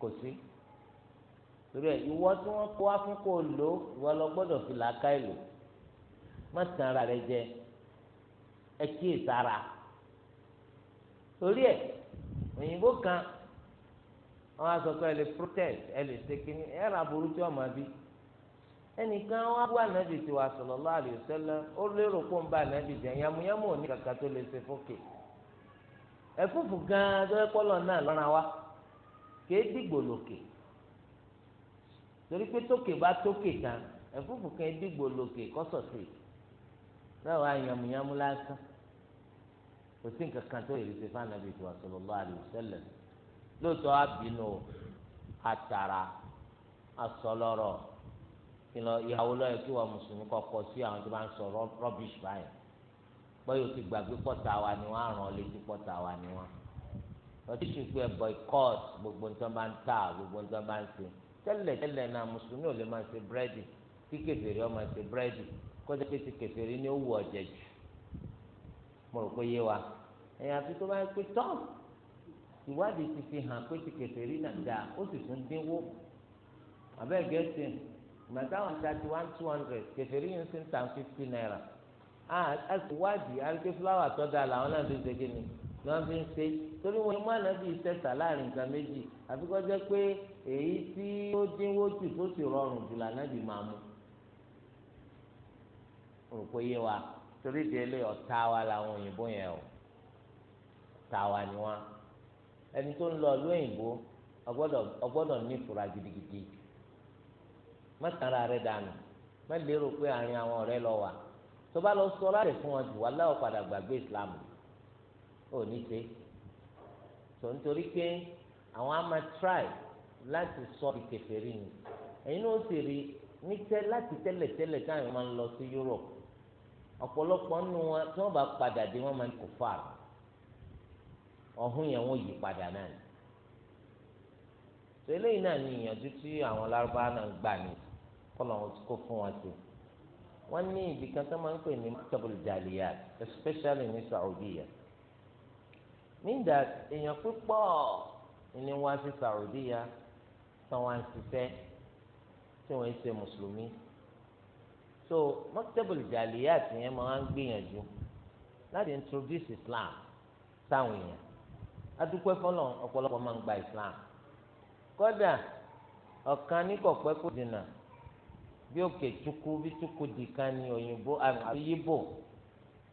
kò sí torí ẹ ìwọ tí wọ́n kó wa fún kó o lò ìwọ lọ gbọ́dọ̀ fi làákà ìlò má tàn ara rẹ jẹ ẹ kíyèsára. torí ẹ̀ òyìnbó kan wọn á sọ pé ẹ lè protest ẹ lè ṣe kínní ẹ rà burú tí ọmọ bí ẹnìkan wá wá nàbì tí wàá sallallahu alaihi wasallam ó lérò kó ń bá nàbì jẹ yamuyamu ò kàkà tó lè ṣe fókè gan náà lọ́ra wa kéé dìgbò lòkè torí pé tókè bá tókè gan kan dìgbò lòkè kọ́sọ̀ sí i kò sí nǹkan kan tó yẹ ṣe fáwọn àbí ìtura sallallahu alaihi wasallam lóòótọ́ àbínú àtàrà àsọlọ́rọ̀ kìlọ̀ ìyàwó lọ́yẹ̀ kí wọ́n mùsùlùmí kọ́kọ́ sí àwọn tó bá ń sọ rọ́bìṣì báyìí bọ́ yóò ti gbàgbé pọ́tà wa ni wọ́n àràn létí pọ́tà wa ni wọ́n lọ́tí ṣùkú ẹ̀ boycott gbogbo nǹkan bá ń tà gbogbo nǹkan bá ń ṣe tẹ́lẹ̀ tẹ́lẹ̀ náà mùsùlùmí ò lè máa ṣe búrẹ́dì kí kèfèrí ó máa ṣe búrẹ́dì kọ́jà pé ti kèfèrí ni ó wù ọ̀jẹ̀ jù mo rò pé yé wa tó bá yẹ pé tọ́ ìwádìí ti fi hàn pé ti ó sì one two hundred ń fifty naira a sì fúláwà tó làwọn náà ti fi ń torí wọn mú ànábì láàrin nǹkan méjì pé èyí tí ó dínwó jù tó sì rọrùn jù lànàbì máa mú. yé torí délé ọ̀tá wa làwọn òyìnbó yẹn o ọ̀tá wa ni wọn ẹni tó ń lọ ìlú òyìnbó ọgbọ́dọ̀ ní ìfura gidigidi mọ́tàrà rẹ̀ dànù má lérò pé àárín àwọn ọ̀rẹ́ lọ wà tó bá lọ sọ láti fún wọn jù wá láwọn padà gbàgbé Islam ò ní ṣe tó nítorí pé àwọn á máa try láti sọ ìkẹfẹ́ rí ni ẹ̀yin náà ó sì rí ní tẹ́ láti tẹ́lẹ̀ tẹ́lẹ̀ táwọn máa ń lọ sí Europe ọ̀pọ̀lọpọ̀ nínú wọn tí wọ́n bá padà dé wọ́n máa ń kó fà ọ̀hún yẹn wọ́n yí padà náà ni tẹ́lẹ̀ yìí náà ni ìyànjú tí àwọn lárúbáwá náà ń gbà ní kọ́lọ̀ wọn kó fún wọn sí wọ́n ní ibi kan tó máa ń pè ní maktabul jaliyat especially ní Saudi yẹn nígbà èèyàn púpọ̀ ní wá sí Saudi yẹn tí wọ́n ń ṣiṣẹ́ tí wọ́n ń ṣe mùsùlùmí so mọ́tẹ́bùl jàlíyàt yẹn máa ń gbìyànjú láti introduce islam sáwọn èèyàn adúpẹ́ fọlọ́ ọ̀pọ̀lọpọ̀ máa ń gba islam kódà ọ̀kan níkọ̀pẹ́ kò dènà bí òkè tukú bí tukú di kan ní òyìnbó àbíyíbò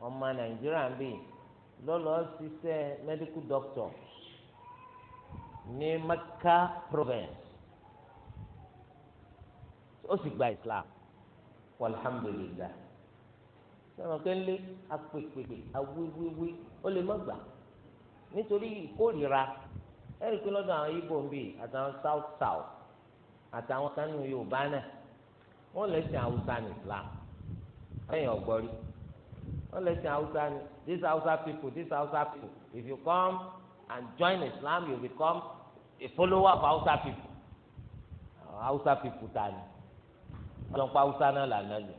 ọmọ nàìjíríà ń bì lọ́lọ́ ṣiṣẹ́ medical doctor ní Mecca province ó sì gba islam. walhamdulillah sọ̀rọ̀ kẹ́lẹ́ apèpèpè awéwéwé ó lè má gbà nítorí ìkórìíra ẹ̀rí pé lọ́dọ̀ àwọn ibo ń bì àtàwọn south south àtàwọn kanu yorùbá náà wọ́n lẹ́sìn haúsá ní islam ẹ̀yìn ọ̀gbọ́rí wọ́n lẹ́sìn haúsá ní this haúsá people this haúsá people if you come and join islam you become a follower of haúsá people haúsá people ta ni ọlọ́pàá haúsá náà là nàbì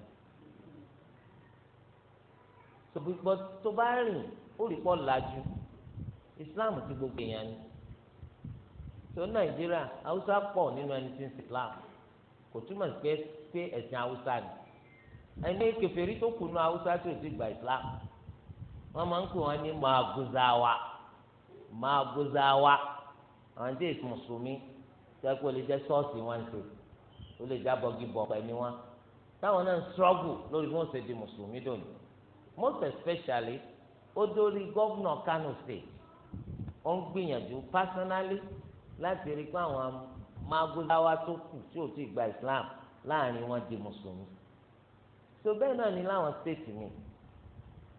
sọgbìgbọ tó bá rìn ó rí pọ làjú islam ti gbogbo èèyàn ni tó nàìjíríà haúsá pọ̀ nínú ẹni tí ń sin islam kò túmọ̀ sí pé pé ẹ̀sìn haúsá ni ẹni kèfèrí tó kùnú haúsá tó ti gba islam wọ́n máa ń pè wọ́n ní màgòzáwa màgòzáwa àwọn tí èsì mùsùlùmí tẹ́kọ̀ọ́ lè jẹ́ ṣọ́ọ̀ṣì wọn ṣe ó lè já bọ́gì bọ̀ pẹ̀ ni wọ́n táwọn náà ń struggle lórí bí wọ́n ṣe di mùsùlùmí dòní most especially ó dórí gọ́vnọ̀ Kano state ó ń gbìyànjú personally láti rí pé àwọn magoláwa tó kù tí ò tí ì gba Islam láàrin wọn di mùsùlùmí so bẹ́ẹ̀ náà ni láwọn state mi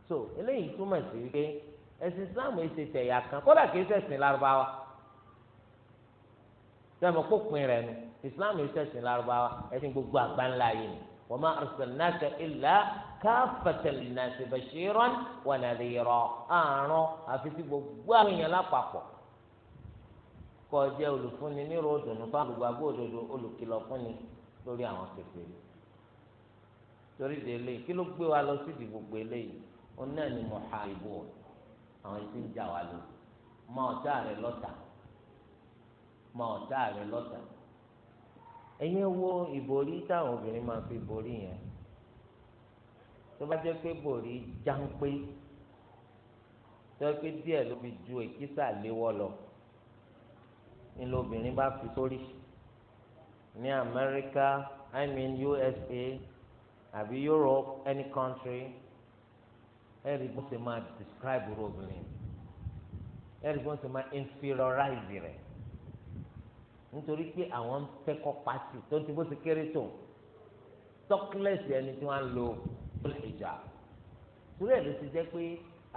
so eléyìí túmọ̀ sí wípé ẹ̀sìn Islam yìí ṣe tẹ̀yà kan kódà kìí ṣẹ̀sìn lárúbáwá sẹ́mi kó pin rẹ̀ nu islam yìí ṣẹ̀sìn lárúbáwá ẹ̀sìn gbogbo àgbáńlá yìí ni wa ma arsalnaka illa kaffatan linnasi bashiran wa nadhira àrùn àfi sí gbogbo àwọn èèyàn lápapọ̀ kó jẹ́ olùfúnni ní ròdùnú fáwọn àgbàgbọ́ òdodo olùkìlọ̀ fúnni lórí àwọn kékeré torí délé kí ló gbé wa lọ sí ìdìbò gbélé yìí ó náà ni muharibu àwọn tí ń jà wá lò mọ ọ̀tá rẹ lọ́tà mọ ọ̀tá rẹ lọ́tà ẹ̀yin wo ìbòrí táwọn obìnrin máa fi borí yẹn tó bá jẹ́ pé bòrí jáńpé tó yẹ pé díẹ̀ ló fi ju èkísà léwọ́ lọ ni lóbìnrin bá fi sórí ní Amẹ́ríkà I mean USA àbí Europe any country ẹ̀rí bó ṣe máa describe obìnrin ẹ̀rí bó ṣe máa inferiorize rẹ̀ nítorí pé àwọn ń fẹ́kọ́ pàṣẹ tó ti bó ti kéré tó tọ́kílẹ̀sì ẹni tí wọ́n ń lo ìjà sùúrù ẹ̀ ló ti jẹ́ pé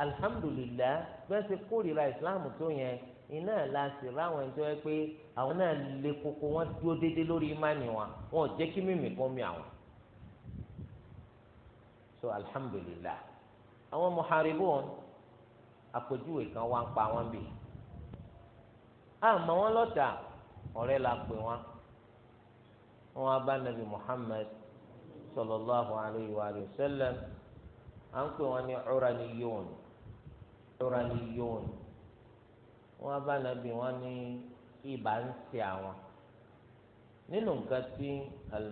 alihamudulilayi bẹ́ẹ̀ ṣe kórìíra ìsìláàmù tó yẹn iná la sì ráwọn ẹni tó yẹ pé àwọn náà lè koko wọn dúró déédéé lórí imáni wọn wọn ò jẹ́ kí mímì kan mi àwọn. so alhamdulillah àwọn muharibun àpèjúwe kan wá ń pa wọn bì. àmọ́ wọn lọ́tà ọ̀rẹ́ la pè wọn wọn wá bá nàbì Muhammad sallallahu alayhi wa sallam à ń pè wọn ní Uraniyun Uraniyun wọn wá bá nàbì wọn ní ibà ń ṣe àwọn nínú nǹkan tí al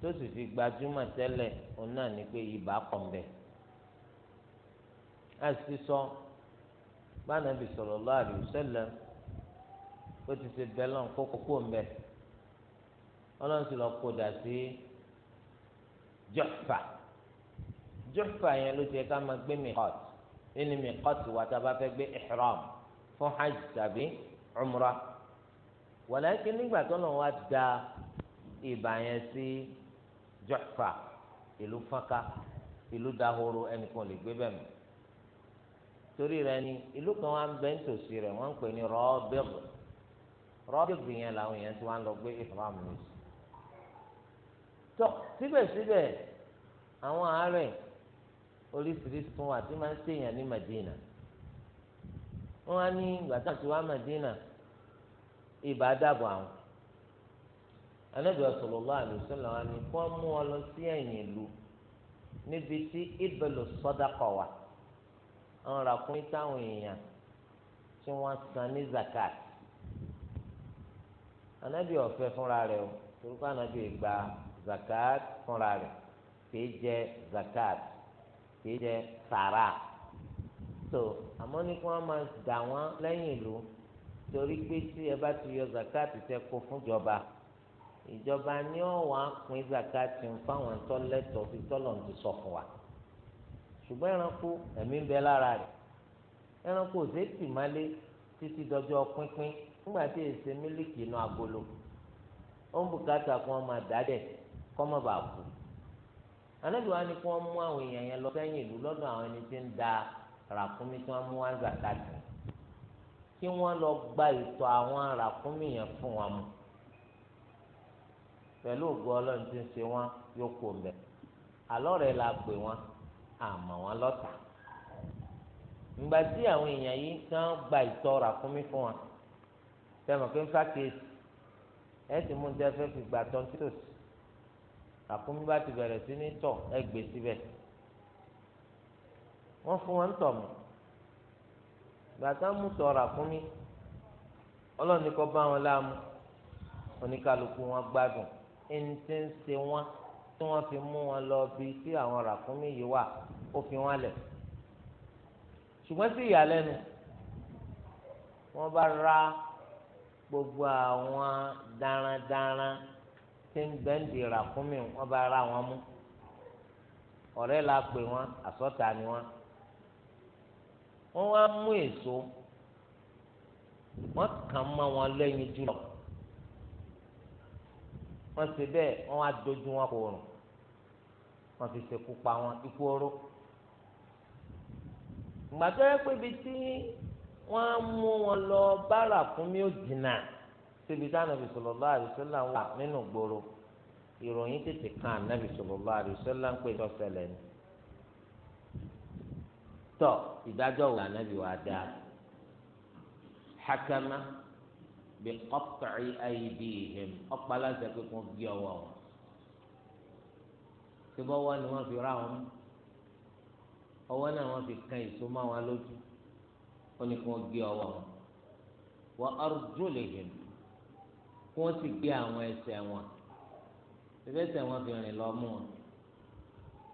tó sì fi gbajúmọ̀ tẹ́lẹ̀ òun náà ni pé ibà pọ̀ bá sallallahu alayhi wa sallam. ó ti ṣe bẹ́ẹ̀ lọ́n kó kókó mbẹ́ ọlọ́run sì lọ kó dà sí jọ́fà jọ́fà yẹn ló ti ká máa gbé miqat nínú miqat wa tá a bá fẹ́ gbé ihram fún hajj tàbí umrah wàlákin nígbà tó lọ́n wá da ìbà yẹn sí jọ́fà ìlú fọ́nká ìlú dahoro ẹnìkan lè gbé bẹ́ẹ̀ mọ́ torí rẹ ni ìlú kan wà ń bẹ nítòsí rẹ wọ́n ń pè ní rọ́ọ̀bẹ́gù rọ́ọ̀dùgbì yẹn làwọn èèyàn ti wá ń lọ gbé ìfọwọ́n mi sí. tó síbẹ̀síbẹ̀ àwọn àárẹ̀ oríṣiríṣi tún wà tí máa ń ṣèyàn ní Madina wọ́n á ní gbàtà tí wá Madina ibà dàbọ̀ àwọn anabi asọlọlọ alùsọlọ wa ni kó mú ọ lọ sí ẹ̀yìn ìlú níbi tí ìbẹlò sọdakọ wà àwọn ràkúnmí táwọn èèyàn tí wọ́n san ní zakat anabi ọ̀fẹ́ fúnra rẹ̀ o torúkọ anabi gba zakat fúnra rẹ̀ kìí jẹ zakat kìí jẹ sàrà so àmọ́ ní kí wọ́n máa dà wọ́n lẹ́yìn ìlú torí pé tí ẹ bá ti yọ zakat tẹ kó fúnjọba ìjọba ni ó wàá pín zakat ń fáwọn tọ́lẹ́tọ̀ fi tọ́lọ̀ ti sọ fún wa ṣùgbọ́n ẹranko ẹ̀mí ń bẹ lára rẹ̀ ẹranko ò sí tìmálé títí dọjọ́ pínpín nígbà tí èsè mílíkì inú agolo ó ń bùkátà kí wọ́n máa dádẹ̀ kọ́ bàá kú anábì wa ni kí wọ́n mú àwọn èèyàn yẹn lọ sẹ́yìn ìlú lọ́dọ̀ àwọn ẹni tí ń da ràkúnmí tí wọ́n mú wá zàkà sí kí wọ́n lọ gba ìtọ̀ àwọn ràkúnmí yẹn fún wọn mu pẹ̀lú ògùn ọlọ́run tí ń ṣe wọn yóò kó mbẹ́ àlọ́ rẹ̀ la pè wọn àmọ́ wọn lọ́tà ìgbà tí àwọn èèyàn yìí kàn gba ìtọ̀ ràkúnmí fún wọn sẹ́mi pé ń fàkíyèsí ẹ sì mú un tẹ́ fẹ́ fi gbà tán tí tòsí àkúnmí bá ti bẹ̀rẹ̀ sí ní tọ̀ ẹ gbé síbẹ̀ wọ́n fún wọn ń tọ̀ mọ́ gbàtà mú tọ̀rọ̀ àkúnmí ọlọ́ọ̀ni kọ́ bá wọn láàmú oníkàlùkù wọn gbádùn ẹni tí ń ṣe wọn tí wọ́n fi mú wọn lọ bí tí àwọn ràkúnmí yìí wà ó fi wọn lẹ̀ ṣùgbọ́n sí ìyàlẹ́nu wọ́n bá ra gbogbo àwọn darandaran tí ń bẹ́ǹdì ràkúnmí wọn bá ra wọn mú ọ̀rẹ́ la pè wọn àsọ̀tà ni wọn wọn wá mú èso wọn kàn mọ́ wọn lẹ́yìn jùlọ wọn ṣe bẹ́ẹ̀ wọn wá dojú wọn kò rùn wọn fi ṣekú pa wọn ikú oró ìgbà tó yẹ pé ibi tí wọ́n á mú wọn lọ bára fún mi ò dìnnà síbi tá ànábì sallallahu alaihi wasallam wà nínú gbòòrò ìròyìn tètè kan ànábì sallallahu alaihi wasallam ń pè tọ́sẹ̀lẹ̀ ni. tọ́ ìdájọ́ wo ànábì wà dá hakama bí qat'i aydihim ọ̀pálásẹ̀ pé kò gbé ọwọ́ wọn. síbọ̀ wọ́n ni wọ́n fi rá wọn ọwọ́ náà wọ́n fi kan ìsúnmọ́ wọn lójú ó ní kí wọ́n gé ọwọ́ wọn wa arjulihim kí wọ́n sì gé àwọn ẹsẹ̀ wọn ẹsẹ̀ ẹsẹ̀ wọn fi rìn lọ mú wọn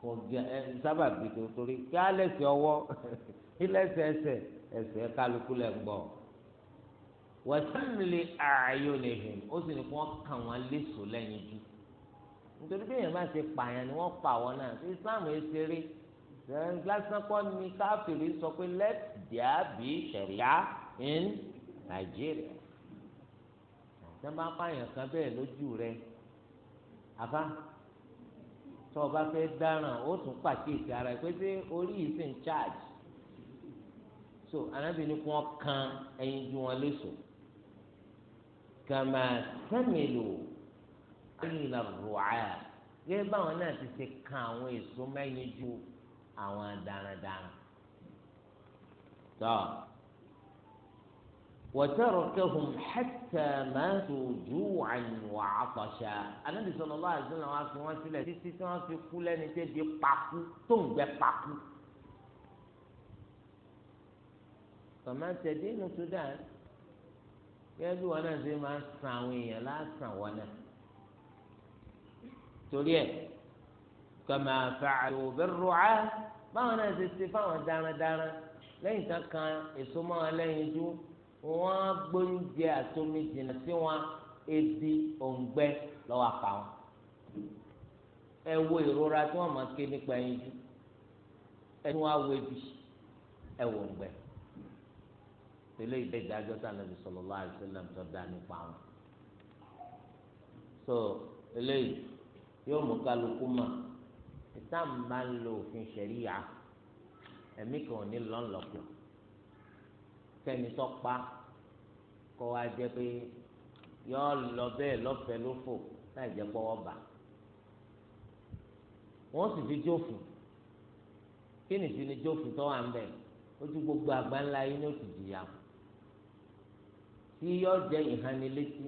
kò gé ẹ sábà gbé tó torí kí á lẹ́sẹ̀ ọwọ́ ilẹ̀sẹ̀ ẹsẹ̀ ẹsẹ̀ kálukú lẹ̀ ń gbọ́ wa samli a'yunihim ó sì ní kí wọ́n kàn wọ́n léṣo lẹ́yìn jù nítorí bí èèyàn bá ṣe pààyàn ni wọ́n pa àwọn náà islam ẹ̀ ṣeré lásán kọ́ ni káfíìrì sọ pé let there be sharia in Nigeria ṣé máa pààyàn kan bẹ́ẹ̀ lójú rẹ àbá tó o bá fẹ́ dáràn ó tún pàkíyèsí ara ẹ pé ṣé orí yìí sì ń charge so arábìnrin kan kan ẹyin ju wọn léṣo kàmá sẹ́mìlò ayélujára gẹ́gẹ́ báwọn náà ti ṣe kan àwọn èso mẹ́yin ju àwọn darandaran tọ́ wọ́tẹ́rọ̀kẹ́hùn hẹ́tẹ́ mẹ́tò júwàn wà àkọ́ṣà anábì sọ̀rọ̀ lọ́wọ́ àdúrà wọn fi wọ́n sílẹ̀ títí tí wọ́n fi kú lẹ́ni tẹ́ di paku tó ń gbẹ paku. tọ́mọ tẹ̀dé inú sudan gẹ́gẹ́ bí wọn náà ṣe máa ń san àwọn èèyàn lásán wọn náà torí ẹ̀ kama fa'alu bir-ru'ah báwọn náà ṣe ṣe fáwọn darandaran lẹ́yìn tán kan èso mọ́ wọn lẹ́yìn jú wọ́n gbóúnjẹ àtomi jìnnà sí wọn ebi òǹgbẹ lọ́wọ́ apá wọn. ẹ wo ìrora tí wọ́n máa ké nípa ẹyin jú ẹni wọ́n á ebi ẹ wò òǹgbẹ. tẹ́lẹ̀ ìdẹ́ ìdájọ́ tá a nàbì sallallahu alaihi wasallam tó dá nípa wọn. so eléyìí yóò mú kálukú mọ̀ islam máa ń lo òfin ṣẹ̀ríyà ẹ̀mí kan ò ní lọ́nlọ́pọ̀ kẹ́ni tó pa kọ́ wa jẹ́ pé yọ lọ bẹ́ẹ̀ lọ́fẹ̀ẹ́ ló fò láì jẹ́ pọ́wọ́ bà wọ́n sì fi jófin kí ni sì ni jófin tó wà ń bẹ̀ ojú gbogbo àgbáńlá yín ní òtù jìyà tí yọ jẹ́ ìhánilétí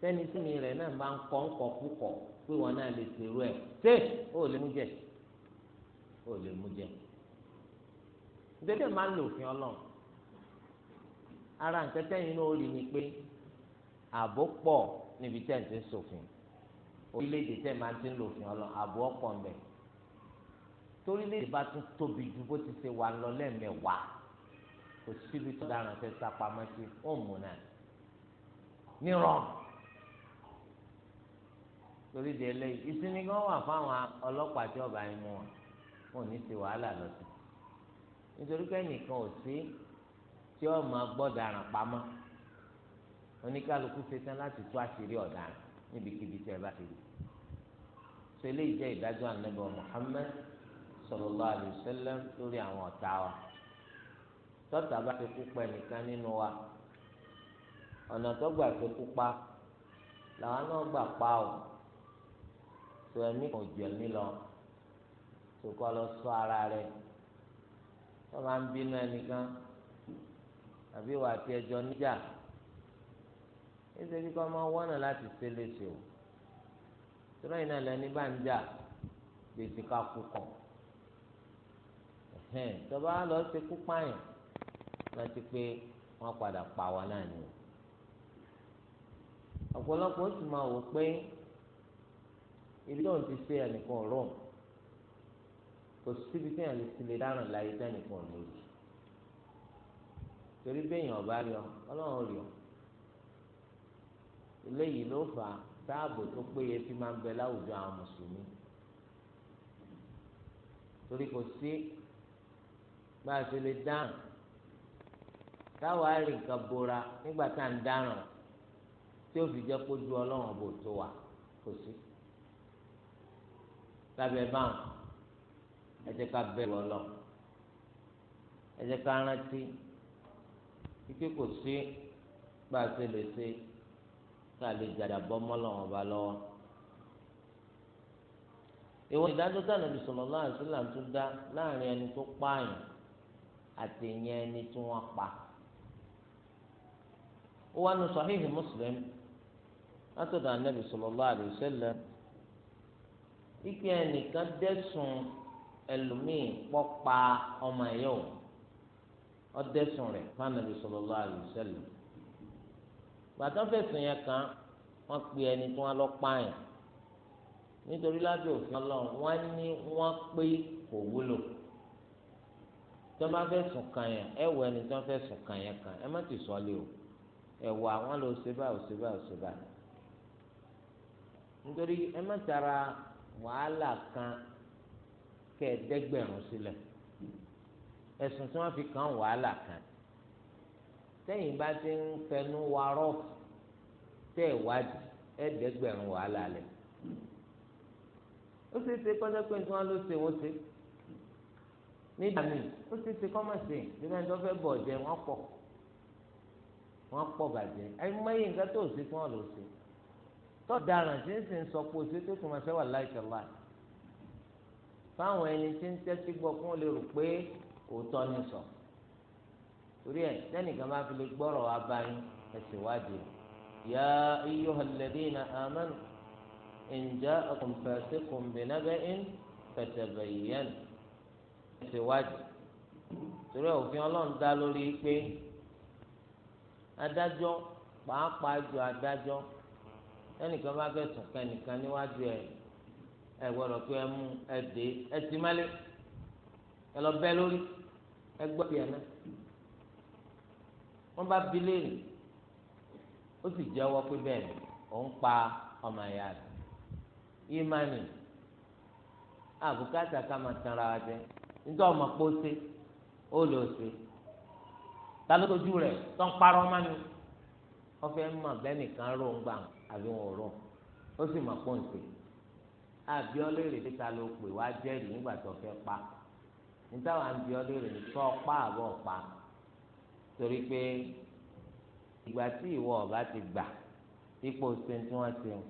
sẹ́ni sínú rẹ̀ náà máa ń kọ́ ń kọ́ púpọ̀ pé wọn náà lè ṣerú ẹ̀ ṣé ó lè mú jẹ ó lè mú jẹ dédé máa ń lo òfin Ọlọ́run ara nǹkan tẹ́yìn náà ó rí ni pé ààbò pọ̀ níbi tẹ́ ń ti ṣòfin orílẹ̀-èdè tẹ́ máa ti ń lo òfin Ọlọ́run ààbò ọ̀pọ̀ ńbẹ torílẹ̀-èdè bá tún tóbi ju bó ti ṣe wà lọ lẹ́ẹ̀mẹ́wàá kò síbi tó dára tẹ́ sápamọ́ sí òmùnà nírọ̀rùn torí de eléyìí ìsinmi gan wà fáwọn ọlọ́pàá tí ọba yẹn mú wọn wọn ò ní ti wàhálà lọ́sùn nítorí pé ẹnìkan ò sí tí ó máa gbọ́dàràn pamọ́ oníkálukú ṣetán láti tú àṣírí ọ̀daràn níbikíbi tí ẹ bá ti rí so eléyìí jẹ́ ìdájọ́ ànábọ̀ Muhammad sallallahu alaihi wasallam lórí àwọn ọ̀tá wa tọ́tà bá ti kú pa ẹnìkan nínú wa ọ̀nà tó gbà tó kú pa làwọn náà gbà pa ọ́ tó ẹ̀mí kan jù ẹ̀mí lọ tó kọ́ lọ sọ ara rẹ̀ tó máa ń bínú ẹnìkan àbí wà á ti ẹjọ́ níjà ẹsẹ̀ kíkọ́ máa wọ́nà láti ṣe léṣe o tọ́lá yìí náà lẹ́ni bá ń jà gbèsè ká kú kàn tọ́ba lọ ṣe kú pààyàn láti pé wọ́n padà pa wá náà ni o ọ̀pọ̀lọpọ̀ máa wò pé ibi tó ń ti ṣe ẹnìkan ọ̀rọ̀ kò síbi tí èèyàn lè ti lè dáràn láyé tẹ́nìkan ò ní rí torí béèyàn ọba rí ọ ọlọ́run rí ọ eléyìí ló fà á táàbò tó péye fi máa ń bẹ láwùjọ àwọn mùsùlùmí torí kò sí bá a ṣe lè dáràn táwa rí nǹkan bora nígbà tá à ń dáràn tí ó fi jẹ́ kó ju ọlọ́run bò tó wà kò sí lábẹ́ báwọn ẹ jẹ́ ká bẹ̀rù ọlọ ẹ jẹ́ ká rántí ike kò sí bá a ṣe lè ṣe ká lè jàdà bọ́ mọ́lọ́wọ́n ba lọ́wọ́ ìwọ̀n ìdájọ́ tí ànábì sallallahu alaihi wasallam tún dá láàrin ẹni tó pààyàn àti ìyẹn ẹni tí wọ́n pa ó wá nu Sahih Muslim látọ̀dọ̀ ànábì sallallahu alaihi wasallam ike ẹnìkan dẹ́sùn ẹlòmíì pọ́pa ọmọ ẹ̀yọ́ ọdẹ́sùn rẹ̀ fanabi sallallahu alaihi wasallam gbàtọ́ fẹ̀sùn yẹn kan wọ́n pe ẹni tí wọ́n lọ pààyàn nítorí lábẹ́ òfin ọlọ́run wọ́n ní wọ́n pé kò wúlò tí wọ́n bá fẹ̀sùn kàn yẹn ẹ wọ ẹni tí wọ́n fẹ̀sùn kàn yẹn kan ẹ má ti sọ́lé o ẹ wọ àwọn lọ ṣe báyìí ṣe báyìí ṣe báyìí nítorí ẹ má tara wàhálà kan kẹẹ̀ẹ́dẹ́gbẹ̀rún sílẹ̀ ẹ̀sùn tí wọ́n fi kàn wàhálà kan tẹ́yìn bá ti ń fẹnu wa rọ́ọ̀fù tẹ́ ẹ̀ wádìí ẹ̀ẹ́dẹ́gbẹ̀rún wàhálà lẹ̀ ó sì ṣe pẹ́ẹ́dẹ́gbẹ́ tí wọ́n ló ṣe wọ́n ṣe nígbà míì ó sì ṣe kọ́mọ̀sì nígbà tí wọ́n fẹ́ bọ̀ jẹ wọ́n pọ̀ wọ́n pọ̀ bàjẹ́ ẹ̀mọ́yé nǹkan tó ṣe tí wọ́n ló ṣe tọ́daràn tí ń sìn sọ pé òṣèlú tó máa fẹ́ wà láìsẹ̀ láì fáwọn ẹni tí ń tẹ́tí gbọ́ kún lè rò pé òótọ́ ni sọ torí ẹ sẹ́nìkan máa fi lè gbọ́rọ̀ wá báyìí ẹsẹ̀ wádìí yá iyọ̀ alladhina amanu in ja'akum fasiqun binaba'in fatabayyanu ẹsẹ̀ wádìí torí òfin ọlọ́run dá lórí pé adájọ́ pàápàá ju adájọ́ ẹnìkan bá fẹ́ sùn kan nìkan níwájú ẹ ẹ gbọ́dọ̀ pé ẹ mú ẹ dé ẹ ti mẹ́lẹ́ ẹ lọ bẹ́ lórí ẹ gbọ́ bí ẹ náà wọ́n bá bi léèrè ó sì jẹ́wọ́ pé bẹ́ẹ̀ ni òun pa ọmọ ìyá rẹ̀ ìmánì àbùkátà ká máa tanra wa jẹ nítorí ọmọ pé ó ṣe ó lò ṣe ta ló tójú rẹ̀ tó ń parọ́ mọ́ wọ́n fẹ́ mọ̀ bẹ́ẹ̀ nìkan rò ń gbà wọn àbí wọn ò rọ̀ ó sì mọ̀ pọ̀ nǹkan àbí ọlẹ́rìí títa ló pè wá jẹ́rìí nígbà tó fẹ́ pa nítawà ń bí ọlẹ́rìí ní tó pa àbọ̀ pa torí pé ìgbà tí ìwọ ọba ti gbà ipò sin tí wọ́n sin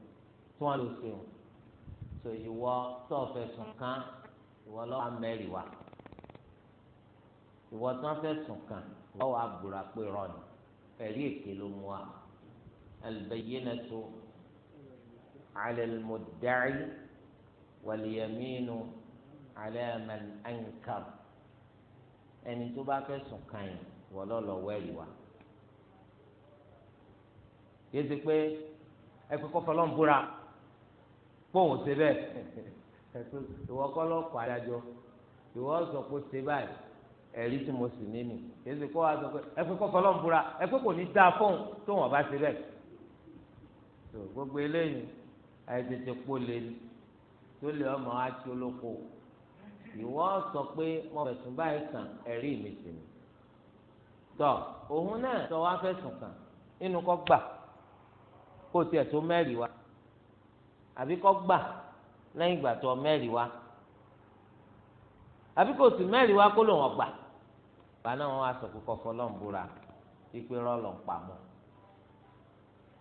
tí wọ́n lò sin so ìwọ tó fẹ̀sùn kàn ìwọ lọ́wọ́ amẹ́rìí wa ìwọ tó fẹ̀sùn kàn ìwọ wà gbúra pé rọ̀ ni ẹ̀rí èké ló mú wa. البينة على المدعي واليمين على من أنكر ẹni tó bá fẹ́ sùn kàn yín wọ́n lọ lọ wẹ́rì wá. yé ti pé ẹgbẹ́ kọ́fọ́ lọ́n búra pọ́ùn ṣe bẹ́ẹ̀ ìwọ kọ́ lọ́ kọ́ adájọ́ ìwọ sọ pé ṣe báyìí ẹ̀rí tí mo sì ní nì yé ti wa sọ pé ẹgbẹ́ kọ́fọ́ lọ́n búra ẹgbẹ́ kò ní dáa fóun tó wọ́n bá ṣe bẹ́ẹ̀ tó gbogbo eléyìí àìtètè pò lè tó lè ọmọ àti olóko ìwọ sọ pé mo fẹ̀sùn báyìí kàn ẹ̀rí mi sì ni tọ òun náà sọ wá fẹ̀sùn kàn nínú kọ gbà kó tiẹ̀ tó mẹ́rìí wá àbí kọ gbà lẹ́yìn ìgbà tó mẹ́rìí wá àbí kò sí mẹ́rìí wá kó lòun ọgbà bá náà wọn wá sọ pé kọfọlọ́n búra ìpè rọ́ọ̀lọ́ pamọ́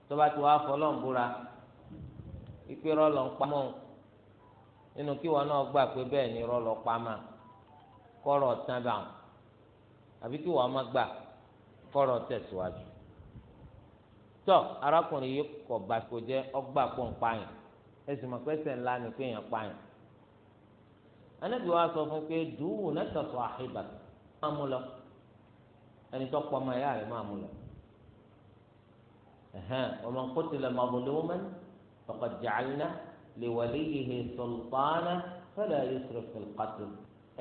tọ́ba tí wàá fọlọ́ ń búra ìpè rọ́ọ̀lọ́ ń pamọ́ nínú kí wọn náà gbà pé bẹ́ẹ̀ ni rọ́ọ̀lọ́ pamọ́ kọ́rọ̀ tán bá wọn àbí kí wọn má gbà kọ́rọ̀ tẹ̀síwájú tọ́ arákùnrin yìí kọ̀ bàtìkò jẹ́ ọgbà pọ̀ ń pààyàn ẹ̀sìn mọ̀pẹ́sẹ̀ ńlá ni pé èèyàn pààyàn anábì wa sọ fún pé dùwù nẹ́tọ̀tọ̀ àhìbà máa mú lọ ẹni tó pọ̀ ọmọ ẹ̀yà rẹ̀ máa mú lọ ومن قتل مظلوما فقد جعلنا لوليه سلطانا فلا يسرف في القتل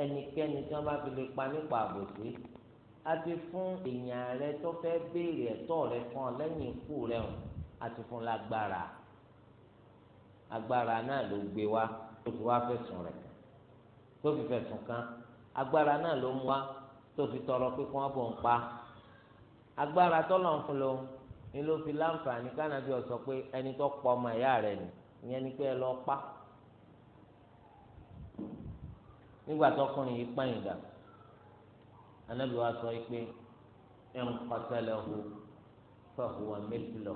ẹnikẹ́ni كان wọ́n bá fi lè pa nípa àbòsí a ti fún èèyàn rẹ tó fẹ́ béèrè ẹ̀tọ́ rẹ kan lẹ́yìn ikú rẹ hàn a ti fún lágbára agbára náà ló gbé wá tó fi wá fẹ̀sùn rẹ̀ tó fi fẹ̀sùn kàn agbára náà ló mú wá tó fi tọrọ pé kí wọ́n bò ń pa agbára tọ́lọ̀ ń fún lòun ni ló fi láǹfààní kánàbí ọ̀sọ́ pé ẹni tó pọ̀ ọmọ ìyá rẹ̀ ni ìyẹn ni pé ẹ lọ pa nígbà tọkùnrin yìí pààyàn dà anábì wa sọ pé ẹn qatalahu fa huwa mithlu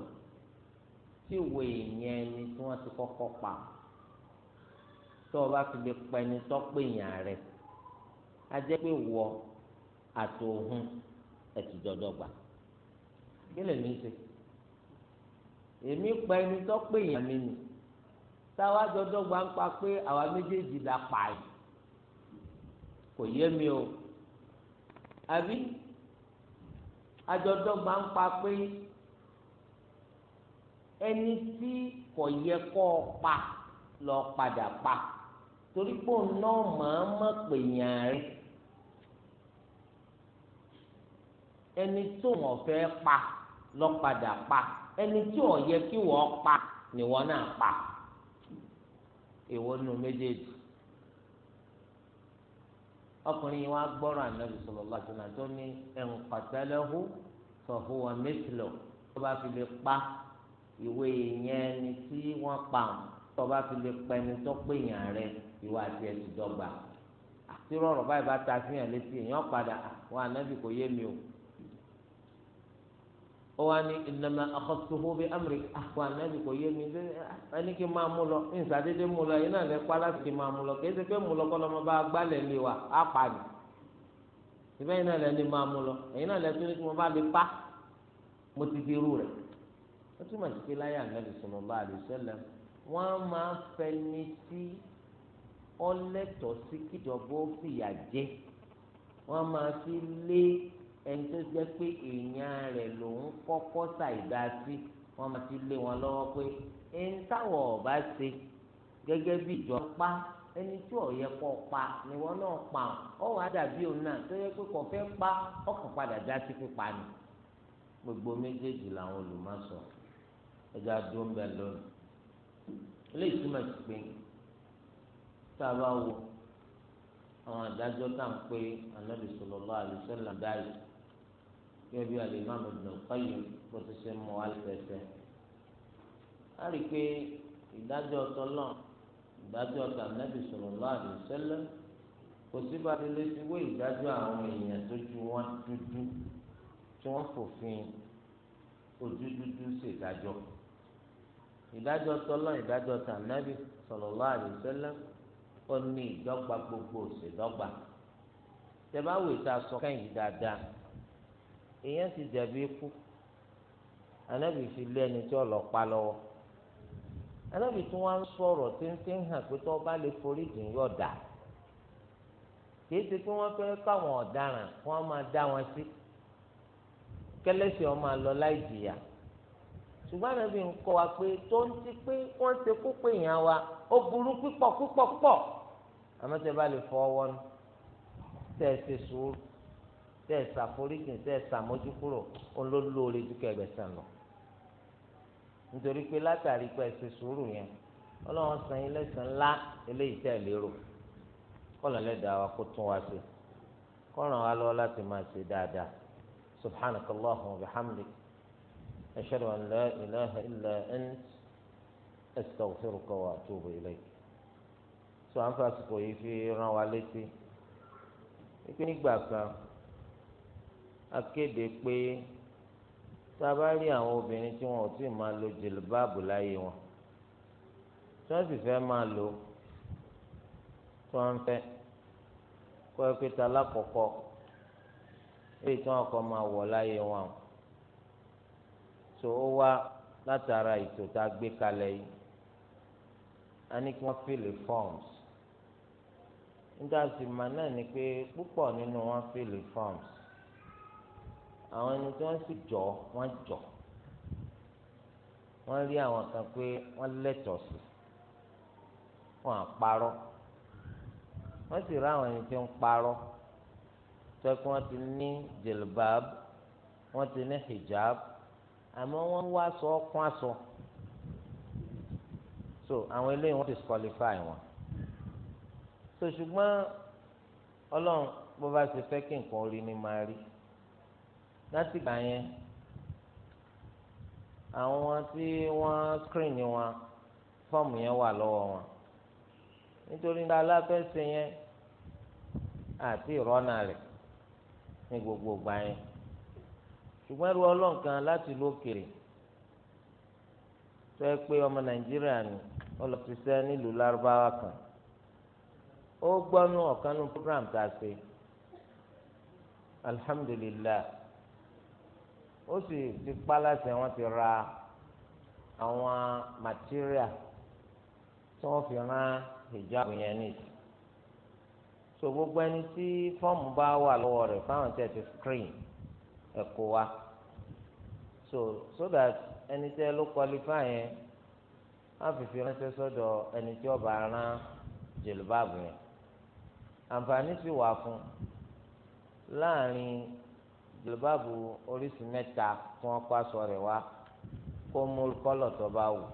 tí ìwé ìyẹn ni tí wọ́n ti kọ́kọ́ pa tó o bá fi lè pẹni tọ́pẹ̀yàn rẹ̀ a jẹ́ pé wọ àtòhun ẹ̀ ti dọ́dọ̀ kí lèmi ṣe èmi pa ẹni tó pè yàn mí ni táwa jọjọ gba ń pa pé àwa méjèèjì la pààyàn kò yé mi o àbí àjọjọ gba ń pa pé ẹni tí kò yẹ kó o pa lọ padà pa torí pé òun náà máa mọ̀ pé yàn rẹ̀ ẹni tó wọ́n fẹ́ pa lọ́padà pa ẹni tí ò yẹ kí wọ́n pa ni wọ́n náà pa èwo nù méjèèjì ọkùnrin yìí wá gbọ́rọ̀ ànábì sallallahu alaihi wasallam tó ní ẹ̀ǹ qatalahu fa huwa mithluhu tó bá fi lè pa ìwé yẹn ni tí wọ́n pa ọ́n tó bá fi lè pa ẹni tó pè yàn rẹ ìwà àti ẹ̀sìn dọ́gba àti rọrọ̀ báyìí bá ta fi hàn létí èèyàn padà wọn ànábì kò yé mi o ó wá ní ìnáma àkọsíwò bí amúrí àwọn anábì kò yé mi ẹni kí n máa mú lọ ìsàdédé mú lọ iná rẹ pa láti máa mú lọ kìí ṣe pé mú lọ kọ́ lọ́mọ bá gbálẹ̀ lé wa á pa mi ìbẹ́ iná rẹ ni máa mú lọ ẹ̀yin náà lẹ́tọ́ ní kí mo bá lè pa mo ti di irú rẹ̀ ó túmọ̀ sí pé láyé ànábì sọ̀rọ̀ bá a lè ṣẹlẹ̀ wọ́n máa fẹni tí ọlẹ́tọ̀ọ́ sí kíjọba ó fìyà jẹ wọ́n máa fi lé ẹni tó jẹ́ pé èèyàn rẹ̀ lòun kọ́kọ́ ṣàìdá sí wọ́n máa ti lé wọn lọ́wọ́ pé ẹni táwọn ọba ṣe gẹ́gẹ́ bí ìjọ pa ẹni tí ò yẹ kó pa ni wọn náà pa ọ wàá dàbí òun náà tó yẹ pé kò fẹ́ pa ọkàn padà já sí pípa ni gbogbo méjèèjì làwọn olùmọ̀ sọ ẹja dúró ń bẹ lónìí ilé ìtumọ̀ ti pé tá a bá wo àwọn àdájọ́ tá à ń pé anábì sallallahu alaihi gẹ́gẹ́ bí alimami Ibn Qayyim bó ti ṣe mọ alifẹsẹ a rí i pé ìdájọ́ tọlọ ìdájọ́ tànàbì sallallahu alaihi wasallam kò sí bàtẹlẹ ti wé ìdájọ́ àwọn èèyàn tó ju wọn dúdú tí wọn fòfin ojú dúdú sí ìdájọ́ ìdájọ́ tọlọ ìdájọ́ tànàbì sallallahu alaihi wasallam ó ní ìdọ́gba gbogbo òsèdọgba tẹ bá wò tá a sọ kẹ́yìn dáadáa. èèyàn ti jẹ̀bi ikú anábì fi lé ẹni tí ọlọ́pàá lọ́wọ́ anábì tí wọ́n sọrọ sọ̀rọ̀ hàn pé tó bá lè forí jìn yọ̀ dà kìí ṣe pé káwọn máa dá wọn sí kẹlẹ́sì ọmọ àlọ́ láì jìyà ṣùgbọ́n anábì ń kọ́ wa pé tó ti pé wọ́n ṣe kó pé wa ó burú púpọ̀ púpọ̀ púpọ̀ àmọ́ tẹ́ bá lè fọ tẹ́ ẹ̀ ṣàforíjì tẹ́ ẹ̀ ṣàmójúkúrò ó ló lóore ju kẹgbẹ́ sàn lọ. nítorí pé látàrí pé ẹ ṣe sùúrù yẹn ọlọ́run san yín lẹ́sàn-án ńlá eléyìí tẹ́ ẹ̀ lérò kọ́lọ̀ lẹ́dàá wa kó tún wa sí kọ́ràn wa lọ́wọ́ láti máa ṣe dáadáa subhanaka allahumma wa bihamdik ashhadu an la ilaha illa ant astaghfiruka wa atubu ilayk so à ń fa yìí fi létí kan. akéde pé tá a bá rí àwọn obìnrin tí wọn ò tí ì máa lo jìlbáàbù láyé wọn tí wọ́n sì fẹ́ máa lò tí wọ́n fẹ́ kọ́ ẹ pé ta lákọ̀ọ́kọ́ èyí tí wọ́n kọ́ máa wọ̀ láyé wọn tó ó wá látara ètò tá a gbé kalẹ̀ yìí a ní kí wọ́n fìlè forms nígbà tí màá náà ni pé púpọ̀ nínú wọn fìlè forms àwọn ẹni tí wọ́n sì jọ wọ́n jọ wọ́n rí àwọn kan pé wọ́n lẹ́tọ̀ọ́ sí wọ́n á parọ́ wọ́n sì rí àwọn ẹni tí ń parọ́ tó ẹ wọ́n ti ní jilbab wọ́n ti ní hijab àmọ́ wọ́n wá sọ kún aṣọ so àwọn eléyìí wọ́n disqualify wọn so ṣùgbọ́n ọlọ́run bó bá ṣe fẹ́ kí nǹkan orí ni máa rí látìgbà yẹn àwọn tí wọ́n screen wọn fọ́ọ̀mù yẹn wà lọ́wọ́ wọn nítorí nígbà aláfẹ́sẹ̀ yẹn àti ìrọ́nà rẹ̀ ní gbogbo ìgbà yẹn ṣùgbọ́n ẹrú ọlọ́nkan láti lókèrè tó ẹ pé ọmọ nàìjíríà ni ọlọ́fíṣẹ́ nílùú lárúbáwá kan ó gbọ́nú ọ̀kanú program tá a ṣe alhamdulilayi ó sì ti pálásẹ̀ wọ́n ti ra àwọn material tí wọ́n fi rán hijab yẹn nìyí so gbogbo ẹni tí fọ́ọ̀mù bá wà lọ́wọ́ rẹ̀ fáwọn tẹ̀ ti screen ẹ̀kọ́ wa so so that ẹni tẹ́ ló qualify yẹn á fi fi ránṣẹ́ sọ́dọ̀ ẹni tí ọba rán jèlúbàbù yẹn àǹfààní sì wà fún láàrin jìlbáàbù oríṣi mẹ́ta tí wọ́n kó aṣọ rẹ̀ wá kó mú kọ́lọ̀ tó bá wù.